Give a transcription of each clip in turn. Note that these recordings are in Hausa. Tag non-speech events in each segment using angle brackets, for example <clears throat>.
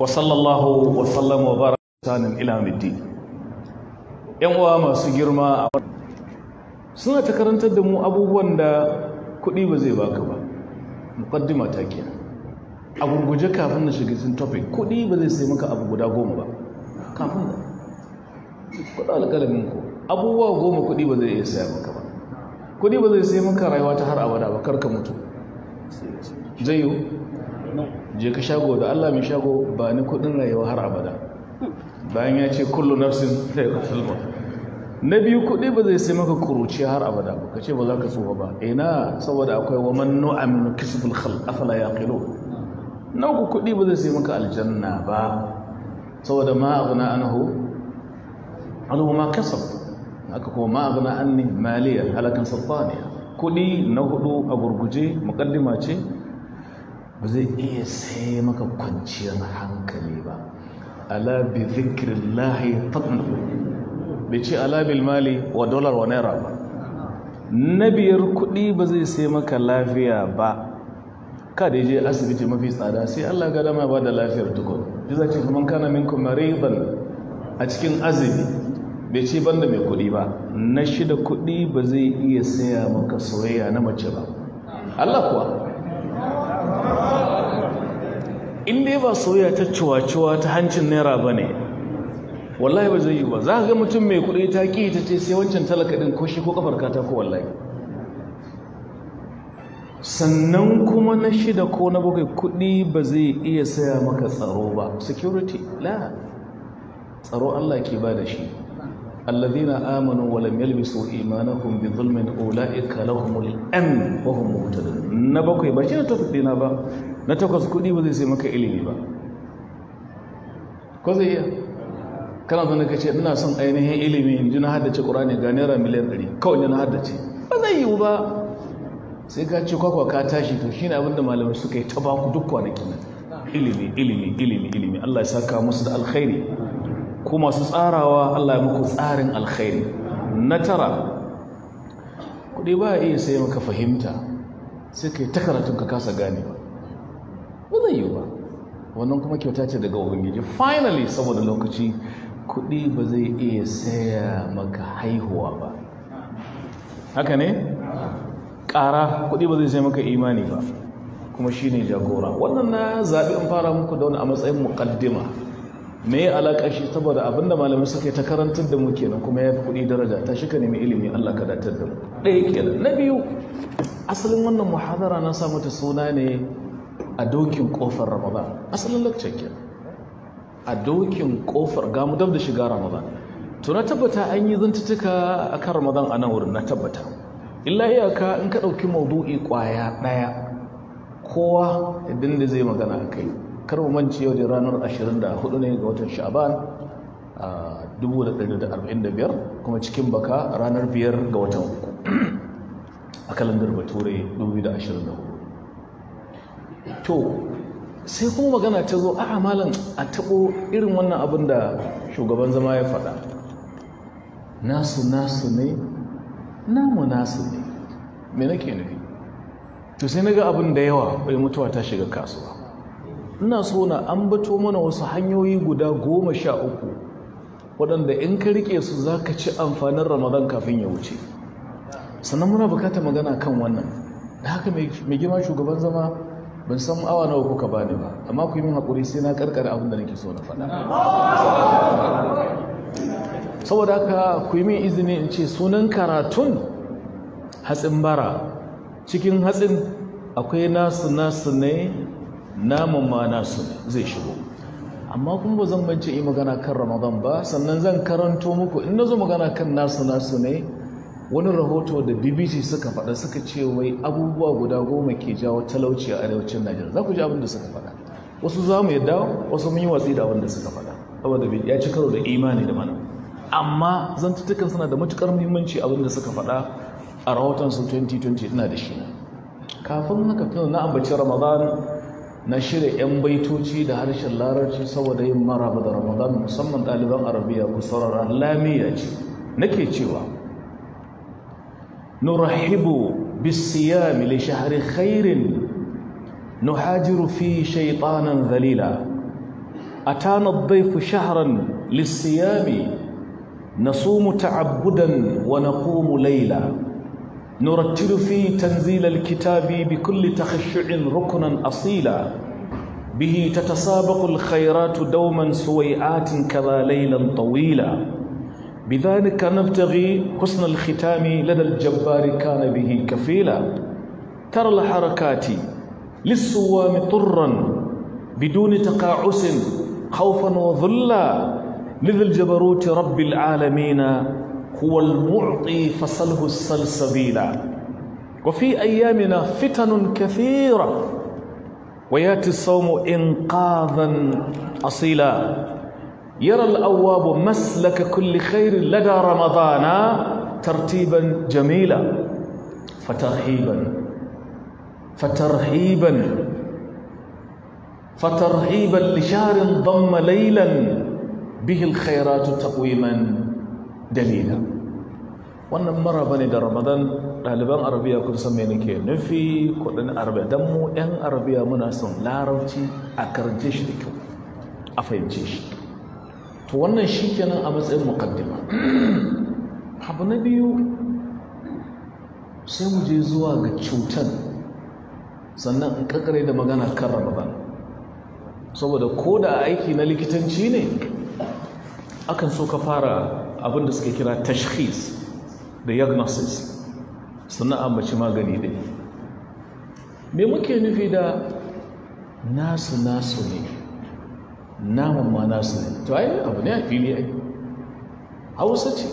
wa الله wa bara sanin ilamiddi yan uwa masu girma suna ta karantar da mu abubuwan da kuɗi ba zai baka ba mukaddima ta kenan a gurguje kafin na shiga cikin topic kuɗi ba zai sai maka abu guda goma ba kafin da kuɗa alƙalamin ku abubuwa goma kuɗi ba zai iya saya maka ba kuɗi ba zai sai maka rayuwa ta har abada ba karka mutu zai yi je ka shago da Allah mai shago ba ni kudin rayuwa har abada bayan ya ce kullu nafsin da yawa na biyu kudi ba zai sai maka kuruci har abada ba kace ba za ka tsoha ba ina saboda akwai wa man nu'am kisbul khalq afala yaqilu na uku kudi ba zai sai maka aljanna ba saboda ma aghna anhu anhu ma kasab haka kuma ma aghna anni maliya halakan sultaniya kudi na hudu a gurguje muqaddima ce ba zai iya sai maka kwanciyar hankali ba ala bi lahi fatnahu bai ce ala mali wa dolar wa naira ba na biyar kuɗi ba zai sai maka lafiya ba ka da je asibiti mafi tsada sai Allah ga dama ba da lafiyar tukun shi ce kaman kana kuma maridan a cikin azumi bai ce banda mai kuɗi ba na shida kuɗi ba zai iya saya maka soyayya na mace ba Allah kuwa in dai ba soyayya ta cuwacuwa ta hancin naira ba ne wallahi ba zai yi ba za ka ga mutum mai kuɗi ta ƙi ta ce sai wancan talaka ɗin ko shi ko kafar kata ko wallahi sannan kuma na shida ko na bakwai kuɗi ba zai iya saya maka tsaro ba security la tsaro Allah ke ba da shi الذين آمنوا ولم يلبسوا إيمانهم بظلم أولئك لهم الأمن وهم مهتدون نبقي بشير تفدينا با نتوقف كودي وزي سمك إلي با ko zai iya kana zo ka kace ina son ainihin ilimi inji na haddace ƙurani ga naira miliyan ɗari kawai na haddace ba zai yiwu ba sai ka ce kwakwa ka tashi to shine abin da malamai suka yi ta baku duk kwanaki ilimi ilimi ilimi ilimi Allah ya saka musu da alkhairi ku masu tsarawa Allah ya muku tsarin alkhairi na tara kuɗi ba iya sai maka fahimta sai kai ta karatun ka kasa gane ba ba zai yi ba wannan kuma kyauta ce daga ubangiji finally saboda lokaci kuɗi ba zai iya saya maka haihuwa ba haka ne ƙara kuɗi ba zai sai maka imani ba kuma shine jagora wannan na zaɓi in fara muku da wani a matsayin muƙaddima me ya alaƙa shi saboda abinda malamai suka yi ta karantar da mu kenan kuma ya fi kuɗi daraja ta shi ka nemi ilimi Allah ka datar da mu ɗaya kenan na biyu asalin wannan muhazara na sa mata suna ne a dokin ƙofar ramadan asalin lakcin kenan a dokin ƙofar ga mu dab da shiga ramadan to na tabbata an yi zantuttuka a kan ramadan a nan wurin na tabbata illa iyaka in ka ɗauki maudu'i ƙwaya ɗaya kowa idan da zai magana a kai kar mu mance yau da ranar 24 ne ga watan sha'ban a 1445 kuma cikin baka ranar 5 ga watan uku a kalandar bature 2024 to sai kuma magana ta zo a malam a taɓo irin wannan abin da shugaban zama ya faɗa nasu nasu ne namu nasu ne me nake nufi to sai na ga abin da yawa bai mutuwa ta shiga kasuwa ina so na an bato mana wasu hanyoyi guda goma sha uku waɗanda in ka riƙe su za ka ci amfanin ramadan kafin ya wuce sannan muna bukatar magana kan wannan da haka mai girma shugaban zama ban san awa nawa kuka ba bani ba amma ku yi min haƙuri sai na karkara abin da nake so na faɗa saboda haka ku yi min izini in ce sunan karatun hatsin bara cikin hatsin akwai nasu nasu ne naman ma nasu zai shigo amma kuma ba zan bance yi magana kan ramadan ba sannan zan karanto muku in na zo magana kan nasu nasu ne wani rahoto da bbc suka faɗa suka ce wai abubuwa guda goma ke jawo talauci a arewacin najeriya za ku ji abin da suka faɗa wasu za mu yadda wasu mun yi watsi da abin da suka faɗa saboda ya ci karo da imani da mana amma zan zantutukan suna da matukar muhimmanci abin da suka faɗa a rahoton su 2020 ina da shi kafin haka fil na ambaci ramadan na shirya 'yan baitoci da harshen larabci saboda yin maraba da ramadan musamman ɗaliban arabiya ku saurara lamiya ce nake cewa nurahibu bisiyami li shahari khairin nuhajiru fi shaitanan zalila أتانا الضيف شهرا للصيام نصوم تعبدا ونقوم laila. نرتل في تنزيل الكتاب بكل تخشع ركنا أصيلا به تتسابق الخيرات دوما سويعات كذا ليلا طويلا بذلك نبتغي حسن الختام لدى الجبار كان به كفيلا ترى الحركات للسوام طرا بدون تقاعس خوفا وظلا لذي الجبروت رب العالمين هو المعطي فصله السلسبيلا وفي أيامنا فتن كثيرة وياتي الصوم إنقاذا أصيلا يرى الأواب مسلك كل خير لدى رمضان ترتيبا جميلا فترهيبا فترهيبا فترهيبا لشهر ضم ليلا به الخيرات تقويما دليلا wannan maraba ne da ramadan ɗaliban arabiya kun san me nake nufi kudin arabiya don mu 'yan arabiya muna son larabci a karance shi da kyau a fahimce shi to wannan shi kenan a matsayin mukaddima <clears throat> abu na biyu sai mu je zuwa ga cutan sannan in kakare da magana kan ramadan saboda ko da aiki na likitanci ne akan so ka fara abin da suke kira tashkhis diagnosis Sana'a ambaci magani dai me muke nufi da nasu nasu ne naman ma nasu ne to ai abu ne a fili ai hausa ce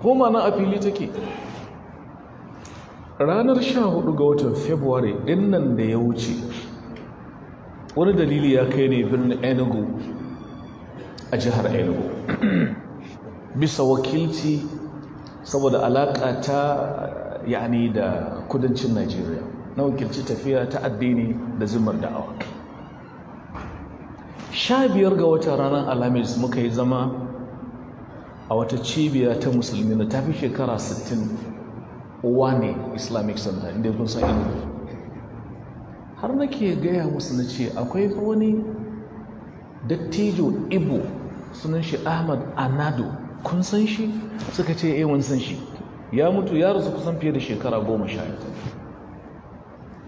ko ma na a fili take ranar 14 ga watan february din nan da ya wuce wani dalili ya kai ne birnin enugu a jihar enugu <clears throat> bisa wakilci saboda alaƙa ta yani da kudancin najeriya na wakilci tafiya ta addini da zumar da'awa sha biyar ga wata ranar alhamis muka yi zama a wata cibiya ta musulmi na tafi shekara 60 uwa ne islamic center inda kun san ilimin har nake gaya musu na ce akwai wani dattijo ibo sunan shi ahmad anado kun san shi suka ce eh mun san shi ya mutu ya rasu kusan fiye da shekara goma sha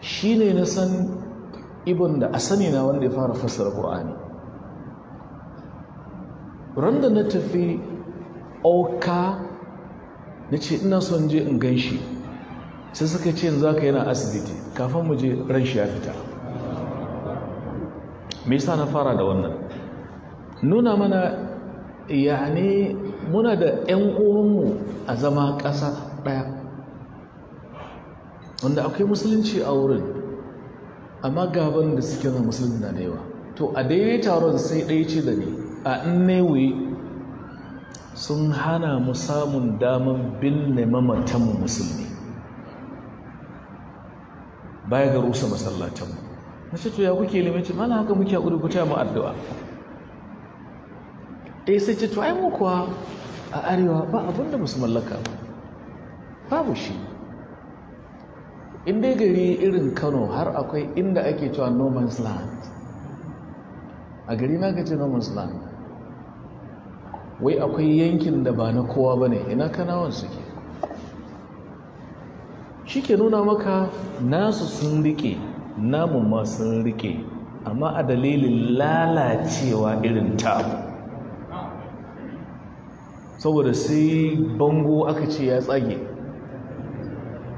shi ne na san ibn da asani na wanda ya fara fassara ƙur'ani ran da na tafi auka na ce ina son je in gan shi sai suka ce za ka yana asibiti kafin mu je ran shi ya fita me yasa na fara da wannan nuna mana ya ne muna da 'yan uwanmu a zama ƙasa ɗaya wanda akwai musulunci a wurin amma gaban da suke zama musulun na da yawa to a daidai taron sai ɗaya ce da ni a inewe sun hana mu samun damar binne mamatan musulmi baya ga rusa masallatanmu na ce to ya kuke limanci mana haka muke a kudu ku mu addu'a eh sai ce to ai mu kuwa a arewa ba abin da musu mallaka ba babu shi in dai gari irin kano har akwai inda ake cewa no man's land a gari na gaji no man's land wai akwai yankin da ba na kowa ba ne ina kanawan suke shi ke nuna maka nasu sun rike namun ma sun rike amma a dalilin lalacewa irin tabu saboda sai bango aka ce ya tsage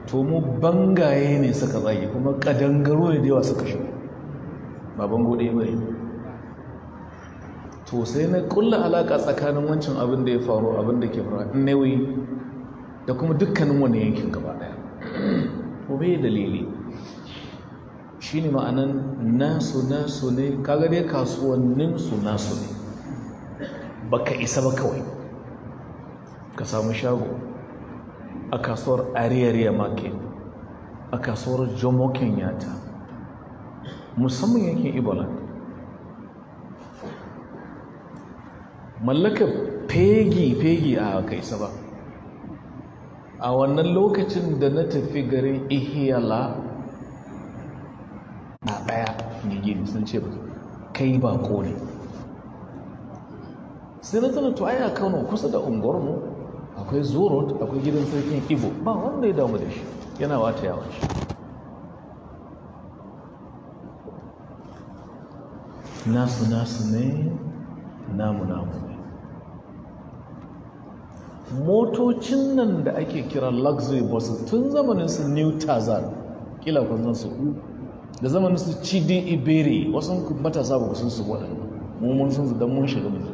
to mu bangaye ne suka tsage kuma kadangaro ne da yawa suka shi ba bango ɗaya ba to sai na kulla alaka tsakanin wancan abin da ya faru abin da ke faru nauyi da kuma dukkanin wani yankin gaba ɗaya ko bai dalili shi ne ma'anan nasu nasu ne kaga dai kasuwanninsu nasu ne baka isa ba kawai ka samu shago a kasuwar ariyariya market a kasuwar jomo kenyatta musamman yankin ibola mallaka fegi-fegi a kai ba a wannan lokacin da na tafi garin ihiyala na ɗaya ne gini sun ce kai ba ne sai na tana to kano kusa da unguwar mu? akwai zorot akwai gidan sarkin ibo ba wanda ya damu da shi yana wata yawon shi nasu nasu ne namu namu ne motocin nan da ake kira luxury bus tun zamanin su new tazar kila kwanzan su da zamanin su chidi iberi wasu matasa ba su su waɗanda mun sun su don mun shiga mutu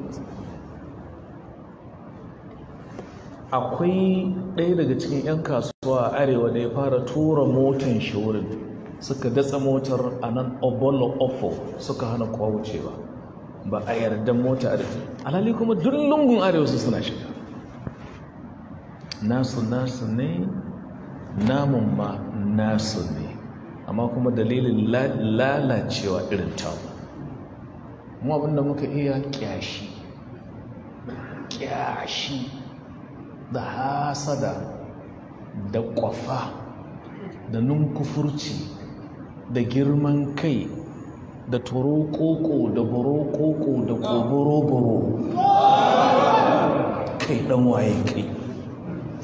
akwai ɗaya daga cikin 'yan kasuwa a arewa da ya fara tura motan shi wurin suka datsa motar a nan obolo ofo suka hana kowa wucewa ba a yarda mota arewa alhali kuma duk lungun arewa su suna shiga nasu nasu ne namun ma nasu ne amma kuma dalilin lalacewa irin tawo mu abinda muka iya kyashi kyashi da hasada da ƙwafa da nunkufurci da girman kai da koko da borokoko da koboroboro kai ɗan waye kai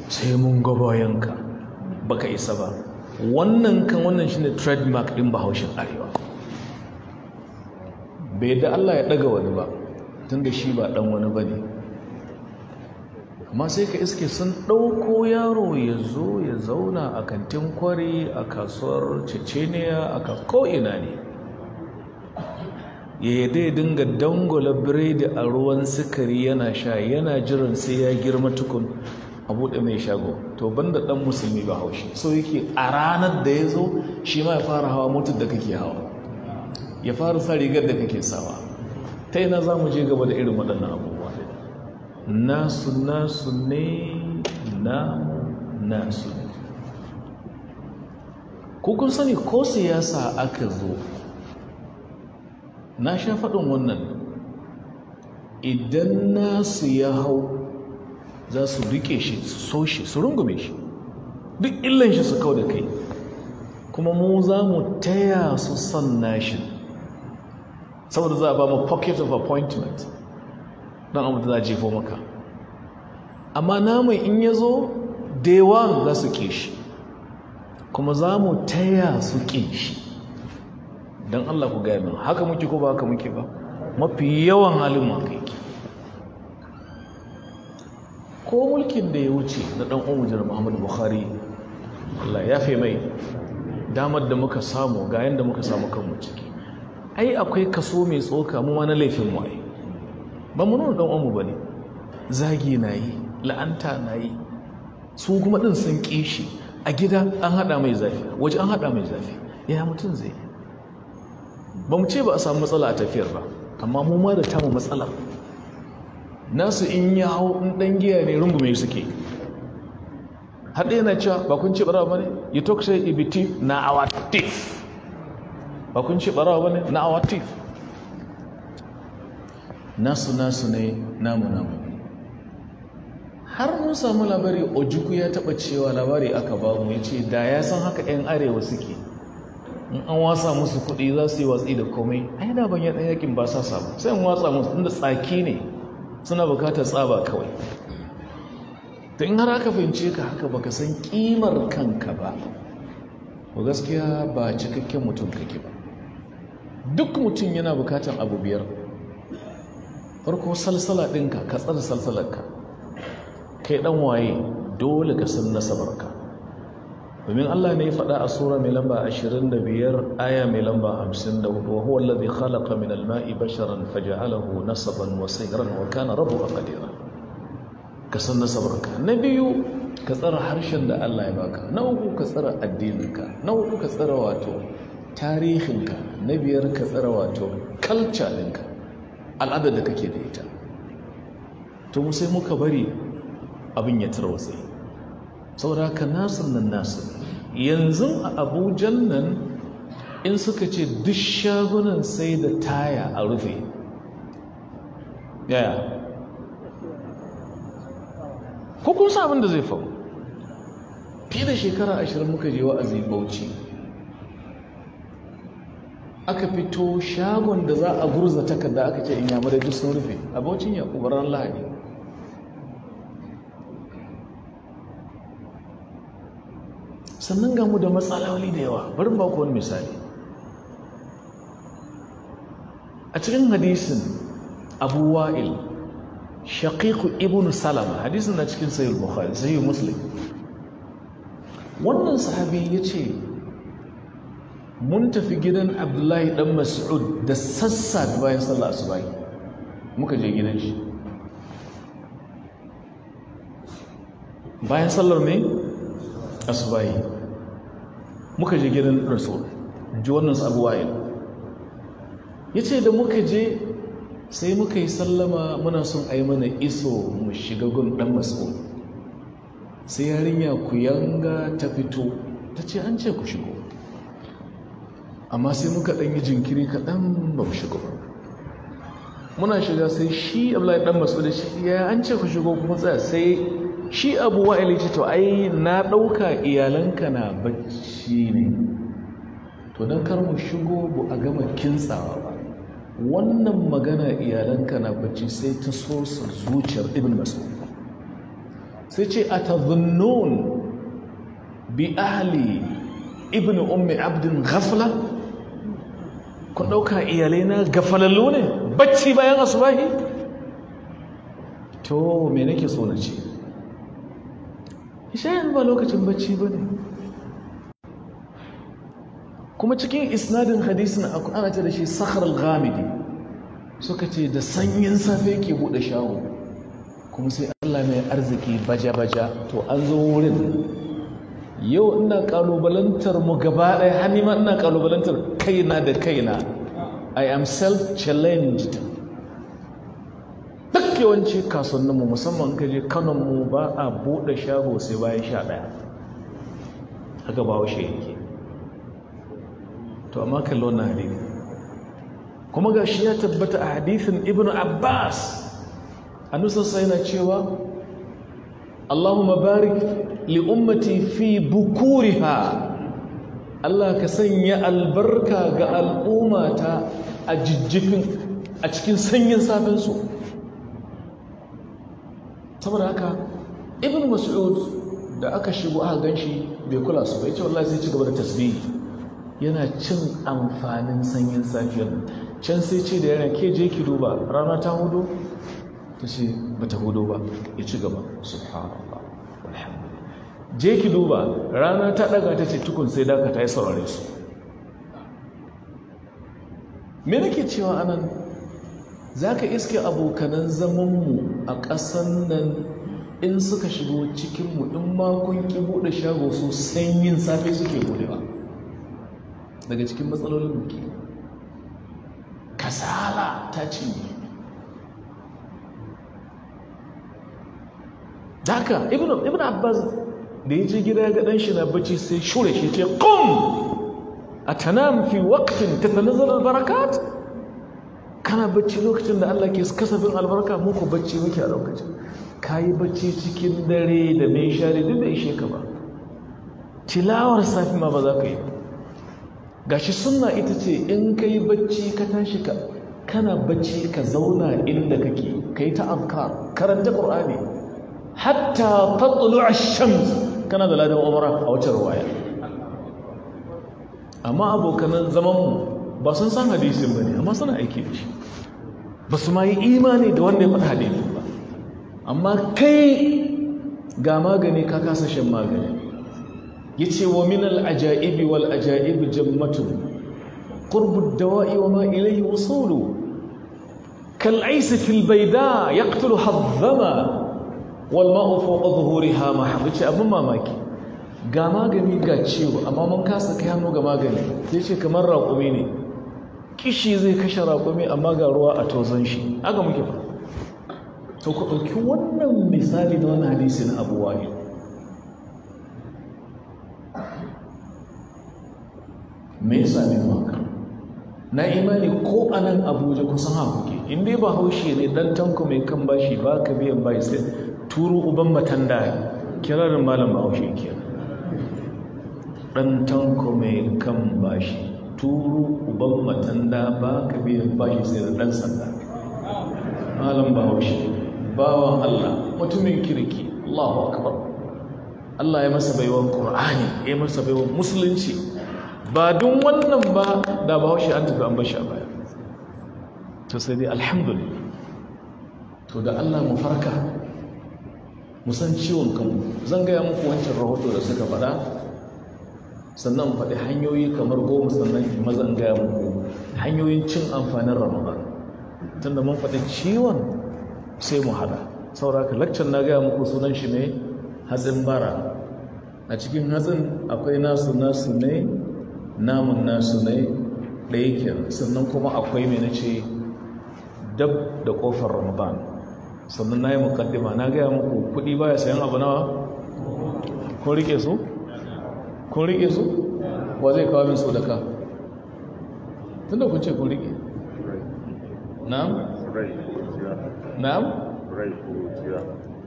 sai mun ga gabayanka baka isa ba wannan kan wannan shine trademark din Bahaushin arewa bai da Allah ya ɗaga wani ba tunda shi ba ɗan wani ba ne amma sai ka iske sun ɗauko yaro ya zo ya zauna a kantin kwari a kasuwar ceceniya a ko'ina ne ya dai dinga dangola biredi a ruwan sikari yana sha yana jiran sai ya girma tukun a buɗe mai shago to banda ɗan musulmi ba haushi so yake a ranar da ya zo shi ma ya fara hawa motar da kake hawa ya fara sa rigar da kake sawa ta ina za mu je gaba da irin waɗannan abu nasu nasu ne namu nasu kun sani ko siyasa aka zo na sha faɗin wannan idan nasu ya hau za su rike shi su so shi su rungume shi duk illan shi su kau da kai kuma mu za mu taya su son nashi saboda za a ba mu pocket of appointment dan abin za a jefo maka amma namun in ya zo da za su ƙi shi kuma za mu taya su ƙi shi don Allah ku gaya min haka muke ko ba haka muke ba mafi yawan halin makai ko mulkin da ya wuce na ɗan umujar muhammadu buhari Allah ya fi mai damar da muka samu ga yadda muka samu kanmu ciki ai akwai kaso mai tsoka mu ma na laifin mu ba mu nuna ɗan'uwanmu ba ne zagi na yi la'anta na yi su kuma ɗin sun ƙishi a gida an haɗa mai zafi waje an haɗa mai zafi ya mutum zai ba mu ce ba a samu matsala a tafiyar ba amma mu ma da tamu matsalar nasu in ya hau in ɗan giya ne rungume suke har yana cewa ba kun ce ɓarawa ba ne you talk say ibiti na our teeth ba kun ce ɓarawa ba ne na our teeth nasu nasu ne namu namu har mun samu labari ojuku ya taba cewa labari aka ba mu yace da ya san haka yan arewa suke in an wasa musu kuɗi za su yi watsi da komai ai da ban yadda yakin ba sa samu sai in watsa musu inda tsaki ne suna bukatar tsaba kawai ta in har aka fahimce ka haka baka san kimar kanka ba ba gaskiya ba cikakken mutum kake ba duk mutum yana bukatar abu biyar farko salsala ɗinka ka tsara salsalarka kai ɗan waye dole ka san nasabarka domin Allah ne ya faɗa a sura mai lamba 25 aya mai lamba 54 wa huwa allazi khalaqa min al-ma'i basharan faja'alahu nasaban wa sayran wa kana rabbuka qadira ka san nasabarka na biyu ka tsara harshen da Allah ya baka na uku ka tsara addininka na uku ka tsara wato tarihinka na biyar ka tsara wato culture ɗinka al'adar da kake da ita to sai muka bari abin ya tarwatse saboda ka nasir nan nasu yanzu a abujan nan in suka ce duk shagunan sai da taya a rufe yaya ko kun abin da zai faru fiye da shekara ashirin muka je wa'azi bauchi aka fito shagon da za a gurza takarda aka ce in yamurai duk sun rufe abocin ya ƙubarar lahadi sannan gamu da matsaloli da yawa barin ba ku wani misali a cikin hadisin abu wa'il shaqiqu ibn salama hadisin na cikin sayyid bukhari sayyid muslim wannan sahabi ya ce mun tafi gidan abdullahi dan mas'ud da sassa da bayan sallah asubahi muka je gidan shi bayan sallar ne asubahi muka je gidan rasul ji wannan su wa'il ya ce da muka je sai muka yi sallama muna son a yi mana iso mu shiga gun dan mas'ud sai yarinya ku yanga ta fito ta ce an ce ku shigo amma sai muka ɗan yi jinkiri kaɗan ba mu shigo muna shiga sai shi abdullahi ɗan masu da shi ya an ce ku shigo kuma tsaya sai shi abu wa'il ya ce to ai na ɗauka iyalanka na bacci ne to don kar mu shigo bu a gama kintsawa ba wannan magana iyalanka na bacci sai ta sosa zuciyar ibn mas'ud sai ce a bi ahli ibn ummi abdin ghafla ku ɗauka iyalai na gafalallu ne bacci bayan asubahi to me nake so na ce ishayin ba lokacin bacci ba ne kuma cikin isnadin hadisin kuɗa ce da shi sakhar al-ghamidi suka ce da sanyin safe ke buɗe shawo, kuma sai Allah mai arziki baja-baja to an zo wurin yau ina kalubalantar mu gaba ɗaya hannu ma ina kalubalantar kaina da kaina i am self challenged duk yawanci kasuwannin mu musamman kaje je kanon mu ba a buɗe shago sai bayan sha ɗaya haka ba wa yake to amma kallon na hadisi kuma ga shi ya tabbata a hadithin Ibn abbas nusa sai na cewa allahumma barik li'ummati fi bukuriha Allah ka sanya albarka ga al'ummata a jijjifin a cikin sanyin su saboda haka ibn mas'ud da aka shigo aka ganshi bai kula su bai ce wallahi sai ci gaba da tasbihi yana cin amfanin sanyin safiyar can sai ce da yana ke je ki duba rana ta hudu ta ce ba ta hudu ba ya ci gaba subhanallah je ki duba rana ta daga ta ce tukun sai daga ta yi saurare su me nake cewa anan za ka iske abokanan zamanmu a ƙasan nan in suka shigo cikinmu in makon ki buɗe shago su sanyin safe suke buɗewa daga cikin matsalolin muke kasala ta cinye daga ibn abbas da ya je gida ga ɗan shi na bacci sai shure shi ce ƙun a tanam fi waƙtin ta tanazar albarakat kana bacci lokacin da Allah ke kasafin albarka muku ku bacci muke a lokacin ka yi bacci cikin dare da mai share duk da ishe ka ba tilawar safi ma ba za ka yi shi sunna ita ce in ka yi bacci ka tashi ka kana bacci ka zauna inda kake ka yi ta afkar karanta ƙur'ani hatta tatlu ash-shams kana da ladan umara a wacce ruwaya amma abokanan mu ba sun san hadisin ba ne amma suna aiki da shi ba su ma yi imani da wanda ya faɗa hadisin ba amma kai ga magani ka kasa shan magani ya ce wa min al'aja'ibi wal aja'ibi jammatu ƙurbin dawa'i wa ma'ilai wasolu kal'aisi filbaida ya ƙtulu hazzama wal ma'u fawqa zuhuriha mahmuci abin mamaki ga magani ga ciwo amma mun kasa kai hannu ga magani sai ce kamar raƙumi ne kishi zai kashe raƙumi amma ga ruwa a tozon shi haka muke fa to ku ɗauki wannan misali da wannan hadisi na abu wahid me yasa ne maka na imani ko a nan abuja kusan haku ke in dai ba haushi ne dan tanko mai kan bashi ba ka biyan bai sai turu uban matanda kirarin malam bahaushe kenan ɗan tanko mai kan bashi turu uban matanda ba ka biyan bashi sai da ɗan sanda malam bahaushe bawan allah mutumin kirki allahu akbar allah ya masa baiwan qurani ya masa baiwan musulunci ba don wannan ba da bahaushe an tafi an bashi a baya to sai dai alhamdulillah to da allah mu farka musan ciwon kanmu zan gaya muku wancan rahoto da suka faɗa sannan faɗi hanyoyi kamar goma sannan mazan gaya muku hanyoyin cin amfanin ramadan tunda mun faɗi ciwon sai mu haɗa sauraka lakcan na gaya muku sunan shi ne hatsin bara a cikin hatsin akwai nasu nasu ne namun nasu ne ɗaya kenan sannan kuma akwai mai na ce dab da ƙofar ramadan sannan na yi mukaddima na gaya muku kudi baya sayan abu nawa kun rike su kun rike su wa zai kawo min su da ka tun da kun ce kun rike na'am na'am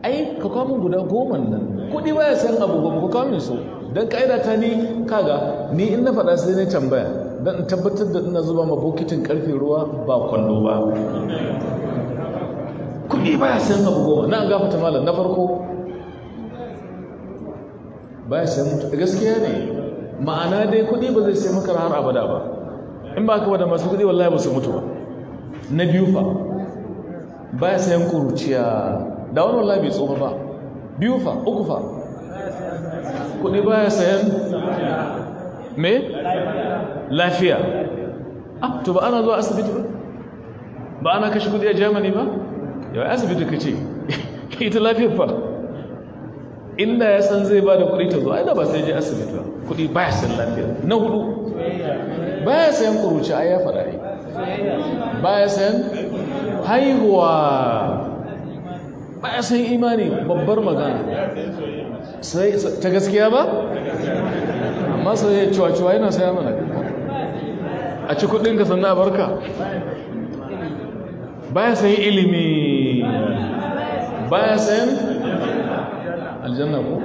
ai ka kawo min guda goma nan kudi baya sayan abu goma ka kawo min su don ka'ida ta ni kaga ni in na faɗa sai ne tambaya don tabbatar da ina zuba ma bokitin karfe ruwa ba kwallo ba kuɗi ya sayan abu goma na an gafata malam na farko Ba ya sayan mutu gaskiya ne ma'ana dai kuɗi ba zai sai maka har abada ba in ba ka wada masu kuɗi wallahi ba su mutu ba na biyu fa ya sayan kuruciya da wani wallahi bai tsoma ba biyu fa uku fa kuɗi ya sayan me lafiya ah to ba ana zuwa asibiti ba ba ana kashe kuɗi a germany ba yawa asibiti ka ce ita lafiyar fa inda ya san zai ba da kuɗi ta zo aina ba sai je asibiti ba kuɗi ba ya san lafiyar na hudu ba ya sayan kuruci a ya faɗa ba ya san haihuwa ba ya san imani babbar magana ta gaskiya ba amma sai ya ciwa-ciwa yana saya mana a ci kuɗin ka sannan a baya sayan ilimi baya sayan aljanna ko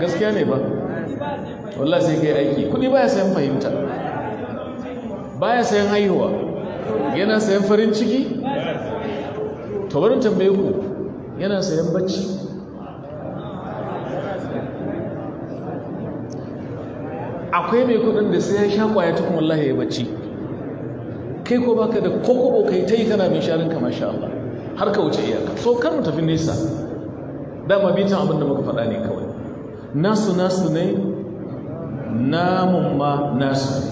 gaskiya ne ba wallah sai kai aiki kudi baya sayan fahimta baya sayan haihuwa yana sayan farin ciki tawarin tambaye ku yana sayan bacci akwai mai kudin da sai ya sha kwaya tukun wallahi ya bacci kai ko baka da kokobo kai ta yi kana mai sharin ka masha Allah har ka wuce iyaka so kar mu tafi nesa dama bitan abin da muka faɗa ne kawai nasu nasu ne namun ma nasu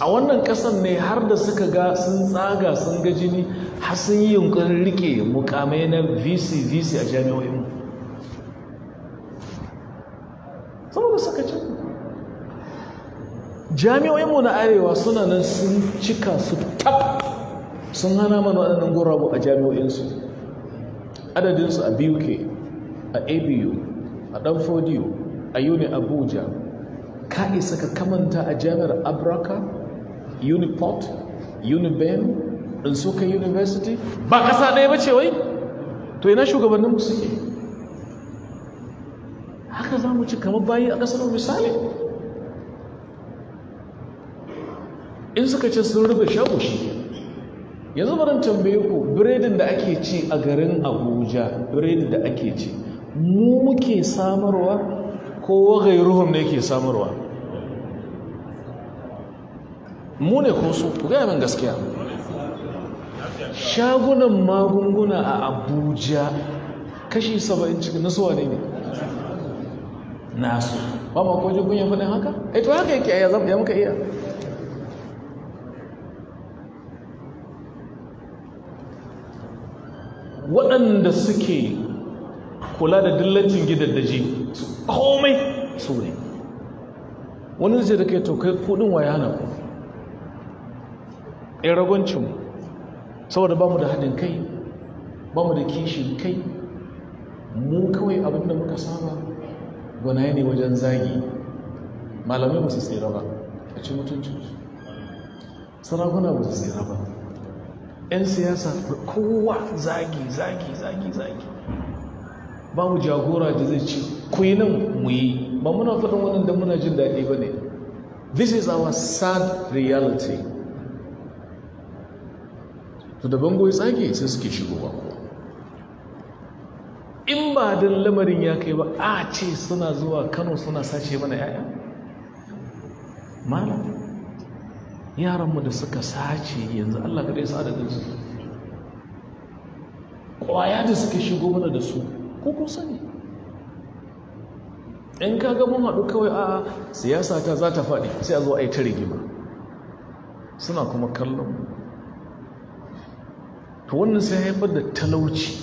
a wannan kasan ne har da suka ga sun tsaga sun ga jini har sun yi yunkurin rike mukamai na vc a jami'o'in saboda suka ce jami'o'inmu na arewa suna nan sun cika su tab sun hana mana waɗannan gurabu a jami'o'insu adadinsu a buk a abu a danfodiyo a yuni abuja ka isa ka kamanta a jami'ar abraka uniport unibem in suka university ba ƙasa ɗaya ba ce wai to ina shugabanninmu suke haka za mu ci kamar bayi a ƙasar misali in suka ce sun rufe shago shi yanzu barin tambaye ku biredin da ake ci a garin abuja biredin da ake ci mu muke samarwa ko wagai ruhun ne ke samarwa mu ne ko su ku gaya min gaskiya shagunan magunguna a abuja kashi saba'in cikin nasuwa ne ne nasu ba ma kwaje kun yi faɗin haka? Eh, to haka yake ya muka iya waɗanda suke kula da dillacin gidaddaji su komai su ne wani zai da kai to kai kudin wa yana ku ɗin eh, ragoncin saboda ba mu da haɗin kai ba mu da kishin kai mu kawai abinda muka saba gwanaye ne wajen zagi malamai ba tsira ba a ci mutuncin sarakuna ba tsira ba 'yan siyasa kowa zagi zagi zagi zagi babu jagora da zai ci ku yi nan mu yi ba muna faɗin wannan da muna jin daɗi ba ne this is our sad reality to da bango ya tsage sai suke ba in ba don lamarin ya kai ba a ce suna zuwa kano suna sace mana 'ya'ya malam yaranmu da suka sace yanzu Allah ka sa da su Kwaya da suka shigo mana da su ko kun sani in ka ga mun haɗu kawai a siyasa ta za ta faɗi sai a zo a yi ta rigima suna kuma kallon to wannan sai haifar da talauci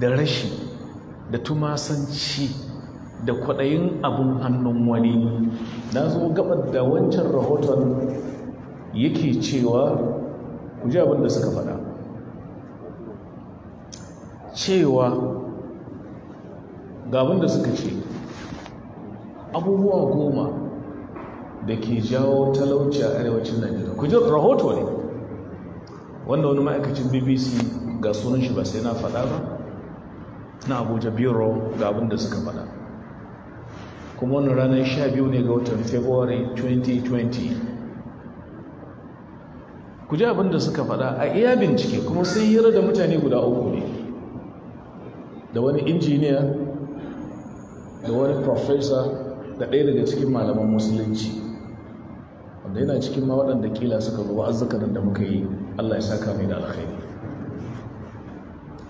da rashi da tumasanci da kwaɗayin abin hannun wani na zo gabar da wancan rahoton yake cewa ku ji abin da suka faɗa cewa ga abin da suka ce abubuwa goma da ke jawo talauci a arewacin najeriya ku ji rahoto ne wanda wani ma'aikacin bbc ga sunan shi ba sai na faɗa ba na abuja biro ga abin da suka faɗa kuma wani ranar sha biyu ne ga watan february 2020 ku abinda suka faɗa a iya bincike kuma sun yi da mutane guda uku ne da wani injiniya da wani profesa da ɗaya daga cikin malaman musulunci wanda yana cikin ma waɗanda kila suka zo azzakar da muka yi allah ya saka mai da alkhairi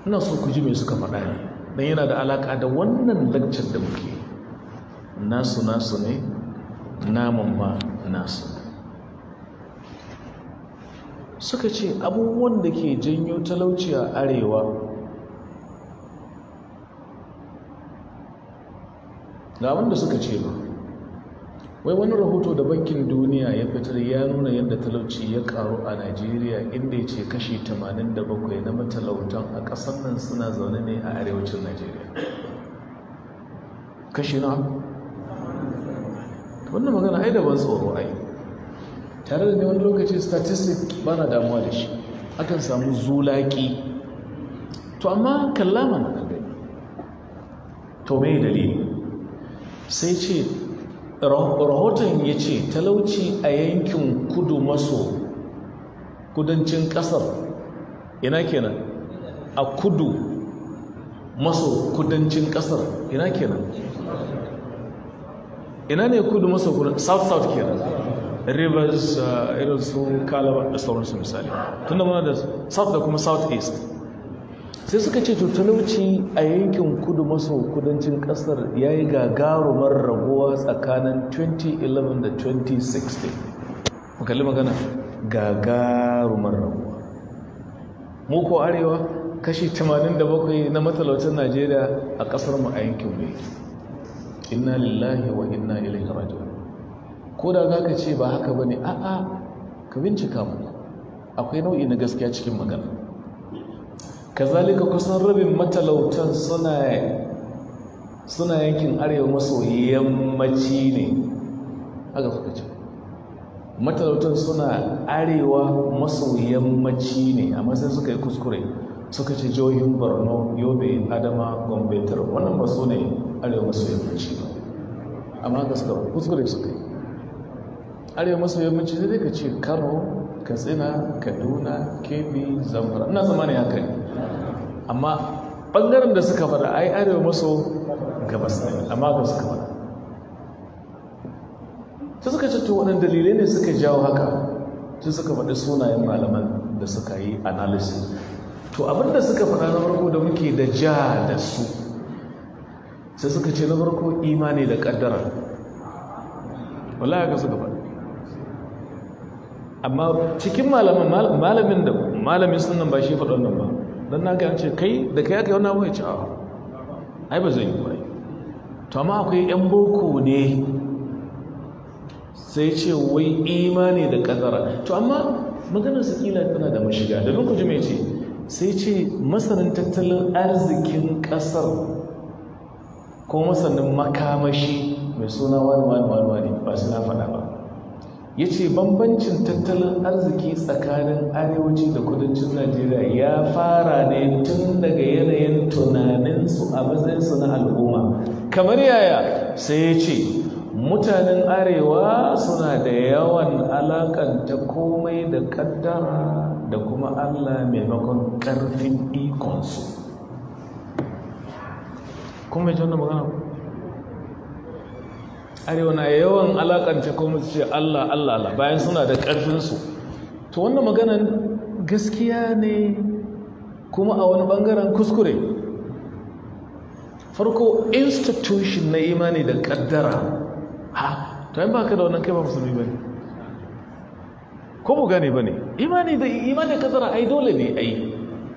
ina so ku ji mai suka faɗa ne don yana da alaƙa da wannan lakcar da muke yi nasu nasu ne namun ba nasu suka ce abubuwan da ke janyo talauci a arewa ga wanda suka ce ba wai wani rahoto da bankin duniya ya fitar ya nuna yadda talauci ya karu a najeriya inda ya ce kashi 87 na matalautan a ƙasar nan suna zaune ne a arewacin najeriya kashi na wannan magana ai da ban tsoro ai tare da wani lokaci statistic ba na damuwa da shi akan samu zulaki to amma kallaman na gani to me dalili sai ce rahoton ya ce talauci a yankin kudu maso kudancin kasar ina kenan a kudu maso kudancin kasar ina kenan ina ne kudu maso kudu south south kenan rivers uh, irin su kalaba da sauransu misali tunda muna da south da kuma south east sai suka ce to talauci a yankin kudu maso kudancin kasar ya yi gagarumar raguwa tsakanin 2011 da 2016 makalli magana gagarumar raguwa muku arewa kashi 87 na matalautan najeriya a kasar mu a yankin mu inna lillahi wa inna ilaihi raji'un ko da zaka ce ba haka bane. ne a ka bincika mu akwai nau'i na gaskiya cikin magana kazalika kusan rabin matalautan suna suna yankin arewa maso yammaci ne haka suka ce matalautan suna arewa maso yammaci ne amma sai suka yi kuskure suka ce jihohin borno yobe adama gombe wannan ba su ne arewa maso yammaci ba amma haka suka kuskure suka yi arewa maso yammaci zai ka ce Karo, katsina kaduna kebbi zamfara ina zama ne haka ne amma ɓangaren da suka fara ai arewa maso gabas ne amma haka suka fara ta suka ce to waɗanda dalilai ne suka jawo haka Ta suka faɗi sunayen malaman da suka yi analysis to da suka faɗa na farko da muke da ja da su sai suka ce na farko imani da kaddara wallahi ka suka faɗi amma cikin malamin malamin da malamin sunan ba shi faɗon nan ba don na ga ce kai da kai aka yi wannan abu ya ce a ah, ai ba zai yi ba to amma akwai yan boko ne sai ce wai imani da kaddara to amma maganar su kila tana da mashiga da ku ji mai ce sai ce masanin tattalin arzikin kasar ko masanin makamashi mai suna wani wani wani ba su na faɗa ba ya ce bambancin tattalin arziki tsakanin arewaci da kudancin najeriya ya fara ne tun daga yanayin tunaninsu a matsayinsu na al'umma kamar yaya sai ya ce mutanen arewa suna da yawan alakanta komai da kaddara da kuma allah maimakon ƙarfin ikonsu kuma ita wannan magana arewa na yawan alakance kuma su ce allah allah allah bayan suna da ƙarfinsu to wannan maganan gaskiya ne kuma a wani ɓangaren kuskure farko institution na imani da ƙaddara ha to yin ba ka da wannan kai ba musulmi ba ne ko mu gane ba ne imani da imani da ƙaddara ai dole ne ai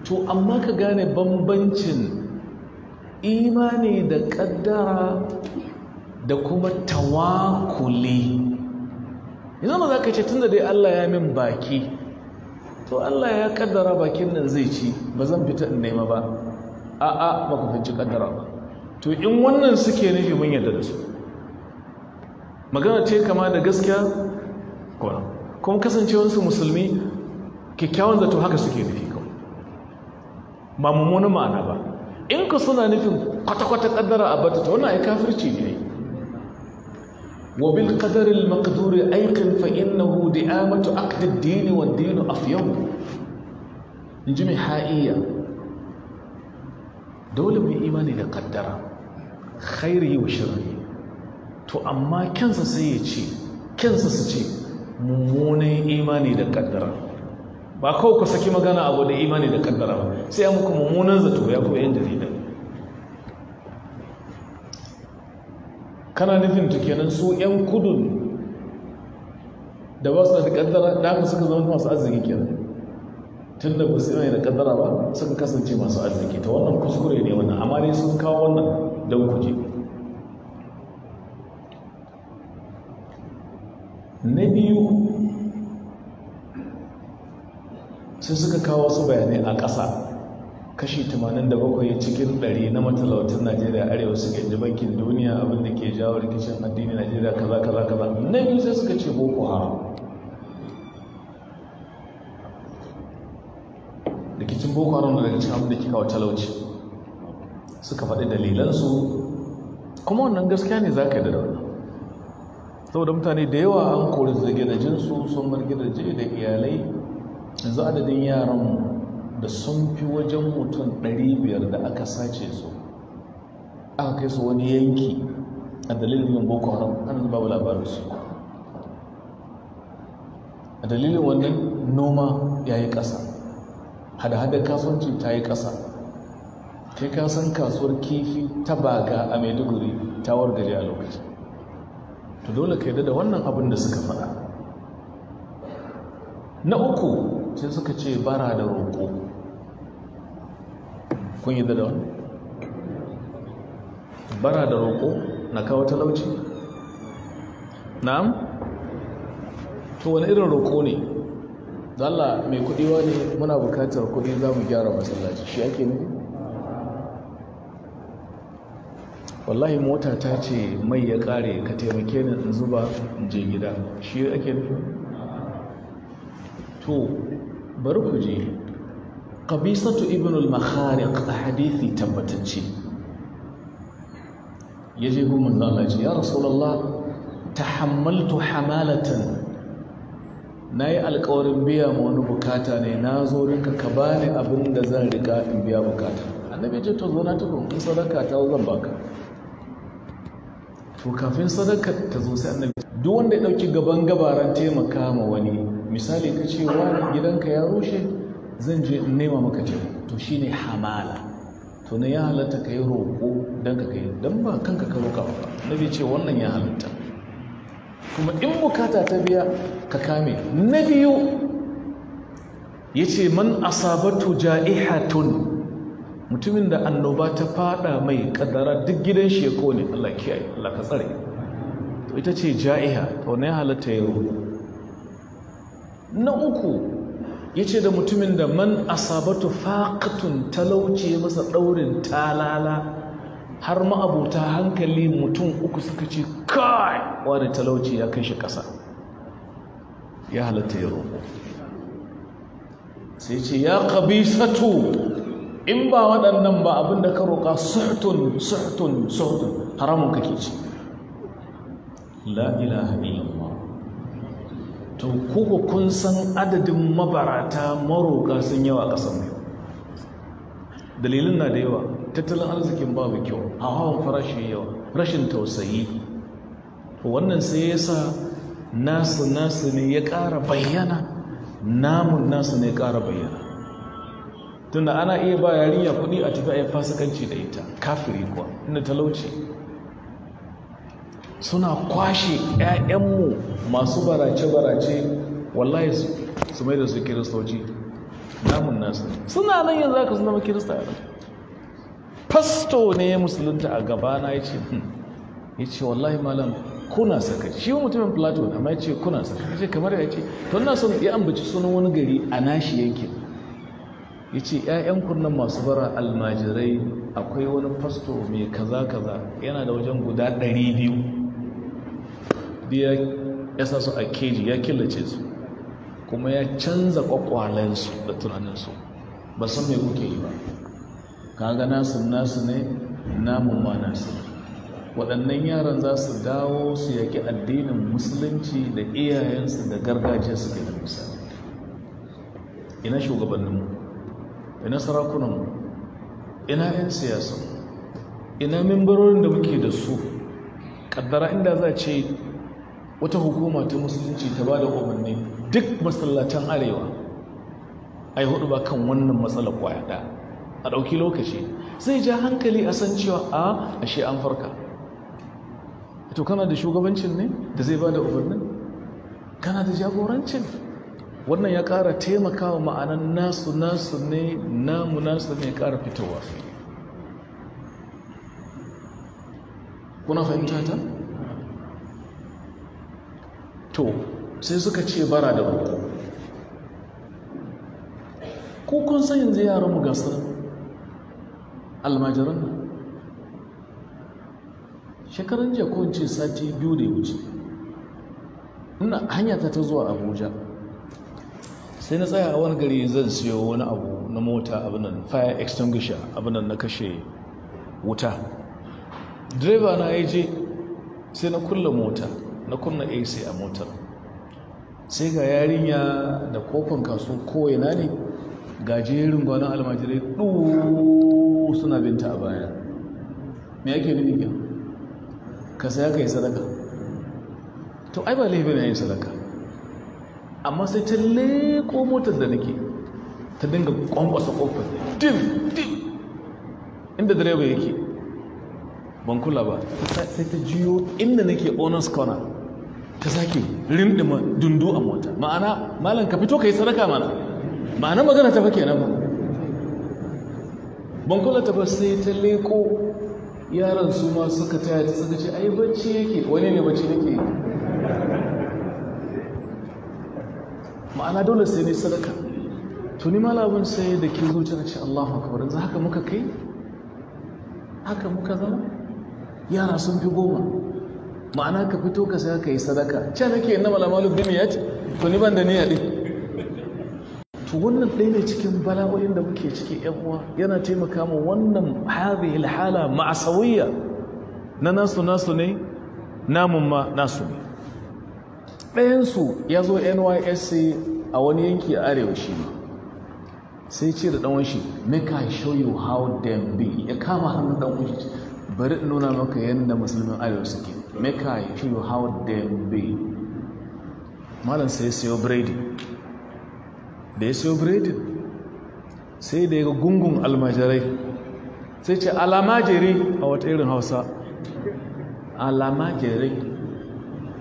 to amma ka gane bambancin imani da ƙaddara da kuma tawakuli yanzu za ka ce tun da dai Allah ya min baki to Allah ya kaddara bakin nan zai ci ba zan fita in nema ba a'a ba ku finci kaddara ba to in wannan suke nufi mun yadda da su magana ce kama da gaskiya kuma kuma kasancewarsu musulmi kyakkyawan zato haka suke nufi kawai ba mummunan ma'ana ba in ka suna nufin kwata-kwata kaddara a bata ta wannan ai kafirci ne wa bil qadari al maqduri ayqin fa innahu di'amatu aqd ad-din wa ad-din afyam inji mai ha'iya dole mu imani da kaddara khairi wa sharri to amma kansa sai ya ce kansa su ce mummunan imani da kaddara ba kawai ku saki magana abu da imani da kaddara ba sai ya muku mummunan zato ya kuma yan jarida kana nufin kenan su yan kudu da ba su da kaddara da aka suka zama masu arziki kenan tun da ba imani da kaddara ba suka kasance masu arziki ta wannan kuskure ne wannan amma dai sun kawo wannan don kuje na biyu sai suka kawo su bayanai a ƙasa kashi 87 cikin 100 na matalautan najeriya arewa su ji bankin duniya abin da ke jawo rikicin addini najeriya kaza kaza kaza na biyu sai suka ce boko haram rikicin boko haram da rikicin abin da ke kawo talauci suka faɗi dalilansu kuma wannan gaskiya ne za ka yi da wannan saboda mutane da yawa an kori su da jinsu, sun bar gidaje da iyalai yanzu adadin yaranmu da sun fi wajen mutum 500 da aka sace su aka kai su wani yanki a dalilin yin boko haram an babu labarin su a dalilin wannan noma ya yi ƙasa hada-hada kasuwanci ta yi ƙasa kai kasan kasuwar kifi ta baga a maiduguri ta wargare a lokaci, to dole ka yi da wannan abin da suka faɗa na uku sai suka ce bara da roƙo kun yi da wani bara da roƙo na kawo talauci na'am to wani irin roƙo ne zalla mai kudewa ne muna bukatar kudi za mu gyara masallaci shi ake ne wallahi mota ta ce mai ya kare ka taimake ni in zuba in je gida shi ake nufi to bari ku je qabisatu ibn al-makhariq a hadithi tabbatacce yaje gun manzo Allah ya ce ta rasulullah tahammaltu hamalatan na yi alkawarin biya ma wani bukata ne na zo rinka ka bani abin da zan riga in biya bukata annabi ce to zo ta tukun in sadaka ta zan baka to kafin sadaka ta zo sai annabi duk wanda ya dauki gaban gabaran taimaka ma wani misali ka ce wa gidanka ya rushe zan je in nema maka ce to ne hamala to na ya halatta ka yi roƙo don ka kai don ba kanka ka roƙa ba na bai ce wannan ya halatta kuma in bukata ta biya ka kame na biyu ya ce man asabatu ja'ihatun mutumin da annoba ta fada mai kadara duk gidan shi ya kone Allah kiyaye Allah ita ce ja'iha to ya halatta ya roƙo na uku ya ce da mutumin da man asabatu faƙatun talauci masa ɗaurin talala har ma'abota hankali mutum uku suka ce kai wani talauci ya kai shi ƙasa ya halatta ya roƙo sai ce ya ƙabisatu in ba waɗannan ba abinda ka roƙa suhtun suhtun suhtun haramun kake ce la ilaha illallah to ko kun san adadin mabarata maroka sun yawa kasan mai dalilin na da yawa tattalin arzikin babu kyau a hawan farashin yawa rashin tausayi wannan sai ya sa nasu nasu ne ya ƙara bayyana namun nasu ne ya ƙara bayyana tunda ana iya ba yarinya kuɗi a tafi a yi fasikanci da ita kafiri kuwa inda talauci suna kwashe 'ya'yanmu masu barace-barace wallahi su mai da su kiristoci namun nasu suna nan yanzu aka zama kirista a fasto ne ya musulunta a gabana ya ce hmm. ya ce wallahi malam kuna saka shi yi mutumin plato amma ya ce kuna saka ya ce kamar ya ce to na son ya ambaci sunan wani gari a nashi yankin ya ce 'ya'yan kunnan masu bara almajirai akwai wani fasto mai kaza-kaza yana da wajen guda 200 ya yasa su a keji ya killace su kuma ya canza kwakwalensu da tunaninsu ba san mai kuke yi ba kaga nasu nasu ne namun ma nasu waɗannan yaran za su dawo su yaƙi addinin musulunci da iyayensu da su ke da misali ina shugabanninmu ina sarakunanmu ina 'yan siyasa ina membarorin da muke da su ƙaddara inda za ce wata hukuma ta musulunci ta ba da umarni duk masallacin arewa a yi hudu ba kan wannan matsalar kwaya a ɗauki lokaci sai ja hankali a san cewa a ashe an farka to kana da shugabancin ne da zai ba da umarni kana da jagorancin wannan ya ƙara taimakawa ma'anan nasu nasu ne namu nasu ne ya ƙara fitowa kuna fahimta ta? to sai suka ce bara da roƙo ko kun san yanzu yaran mu gasar almajiran nan shekaran jiya ko ce sati biyu da ya wuce ina hanyata ta zuwa abuja sai na tsaya a wani gari zan siyo wani abu na mota abinan fire extinguisher abinan na kashe wuta direba na ya je sai na kulle mota na kunna ac a motar sai ga yarinya da kofin kaso na ne ga jerin gwanon almajirai ɗuuu suna binta a baya me yake nufi gyan ka saya ka yi sadaka to ai ba laifin ya yi sadaka amma sai ta leko motar da nake ta dinga kwankwasa kofin dim dim inda direba yake ban kula ba sai ta jiyo inda nake Onus corner ta sake rindima dundu a mota ma'ana malam ka fito ka yi sadaka mana ma'ana magana ta fake na ba ban kula ta ba sai ta leko yaran su ma suka taya ta suka ce ai bacci yake wani ne bacci yake ma'ana dole sai ne sadaka tuni malamin sai da ke zuciya na ce Allahu akbar za haka muka kai haka muka zama yara sun fi goma ma'ana ka fito ka saka ka yi sadaka ce nake na malamalu bin ya to ni ban niyya to wannan ɗaya ne cikin bala'o'in da muke cikin yan uwa yana taimaka mu wannan hadhihi alhala ma'asawiyya na nasu nasu ne namun ma nasu ne ɗayansu ya zo nysc a wani yanki a arewa shi ma sai ce da ɗanwan shi make i show you how them be ya kama hannun dan shi bari in nuna maka yadda musulmin arewa suke make i kill how dem be malam sai sayo biredi da ya sayo biredi sai da ya gungun almajirai sai ce alamajiri a wata irin hausa alamajiri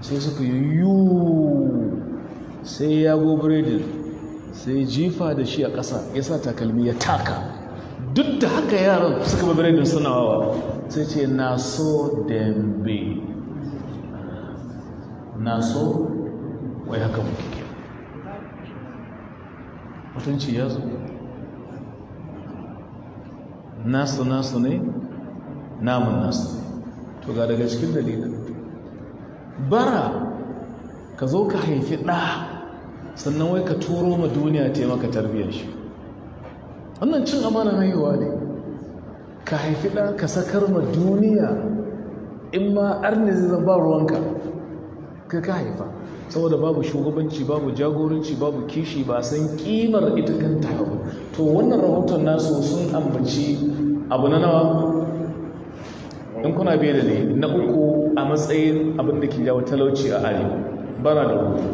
sai suka yi yuu. sai ya go biredin sai jifa da shi a ƙasa ya sa takalmi ya taka duk da haka yaran suka bi biredin suna wawa sai ce na so dem be na so wai haka muke mutunci ya zo nasu nasu ne namun nasu to ga daga cikin dalilin bara ka zo ka haifi ɗa sannan wai ka turo ma duniya ta maka tarbiyyar shi wannan cin amana haihuwa ne ka haifi ɗa ka sakar ma duniya in ma arni zai zan ba ruwanka kai ka haifa saboda babu shugabanci babu jagoranci babu kishi ba san kimar ita kanta ba to wannan rahoton nasu sun ambaci abu na nawa in kuna biye da ne na uku a matsayin abin da ke jawo talauci a arewa bara da hutu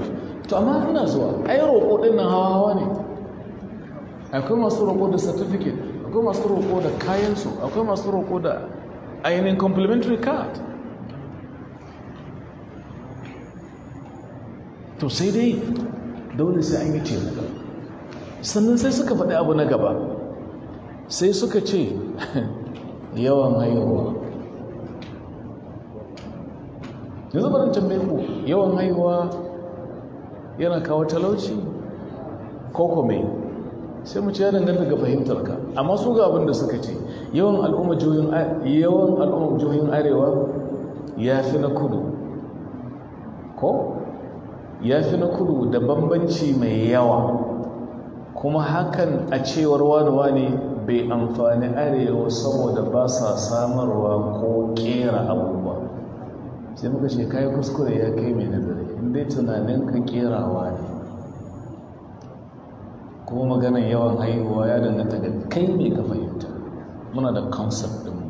to amma ina zuwa ai roƙo ɗin nan hawa hawa ne akwai masu roƙo da certificate akwai masu roƙo da kayan su akwai masu roƙo da ainihin complimentary card to sai dai dole sai an yi taimaka sannan sai suka faɗi abu na gaba sai suka ce <laughs> yawan haihuwa yanzu bari tambaye ku yawan haihuwa yana kawo talauci ko kome sai mu ce ya danganta ga fahimtar ka amma su ga abin da suka ce yawan al'umma jihohin yawan al'umma jihohin arewa ya fi na kudu ko ya fi na kudu da bambanci mai yawa kuma hakan a cewar wanuwa ne bai amfani arewa saboda ba sa samarwa ko kera abubuwa sai muka ce kayi kuskure ya kai mai nazari inda tunanin ka kerawa ne kuma maganar yawan haihuwa ya danganta ga kai mai ka fahimta muna da concept din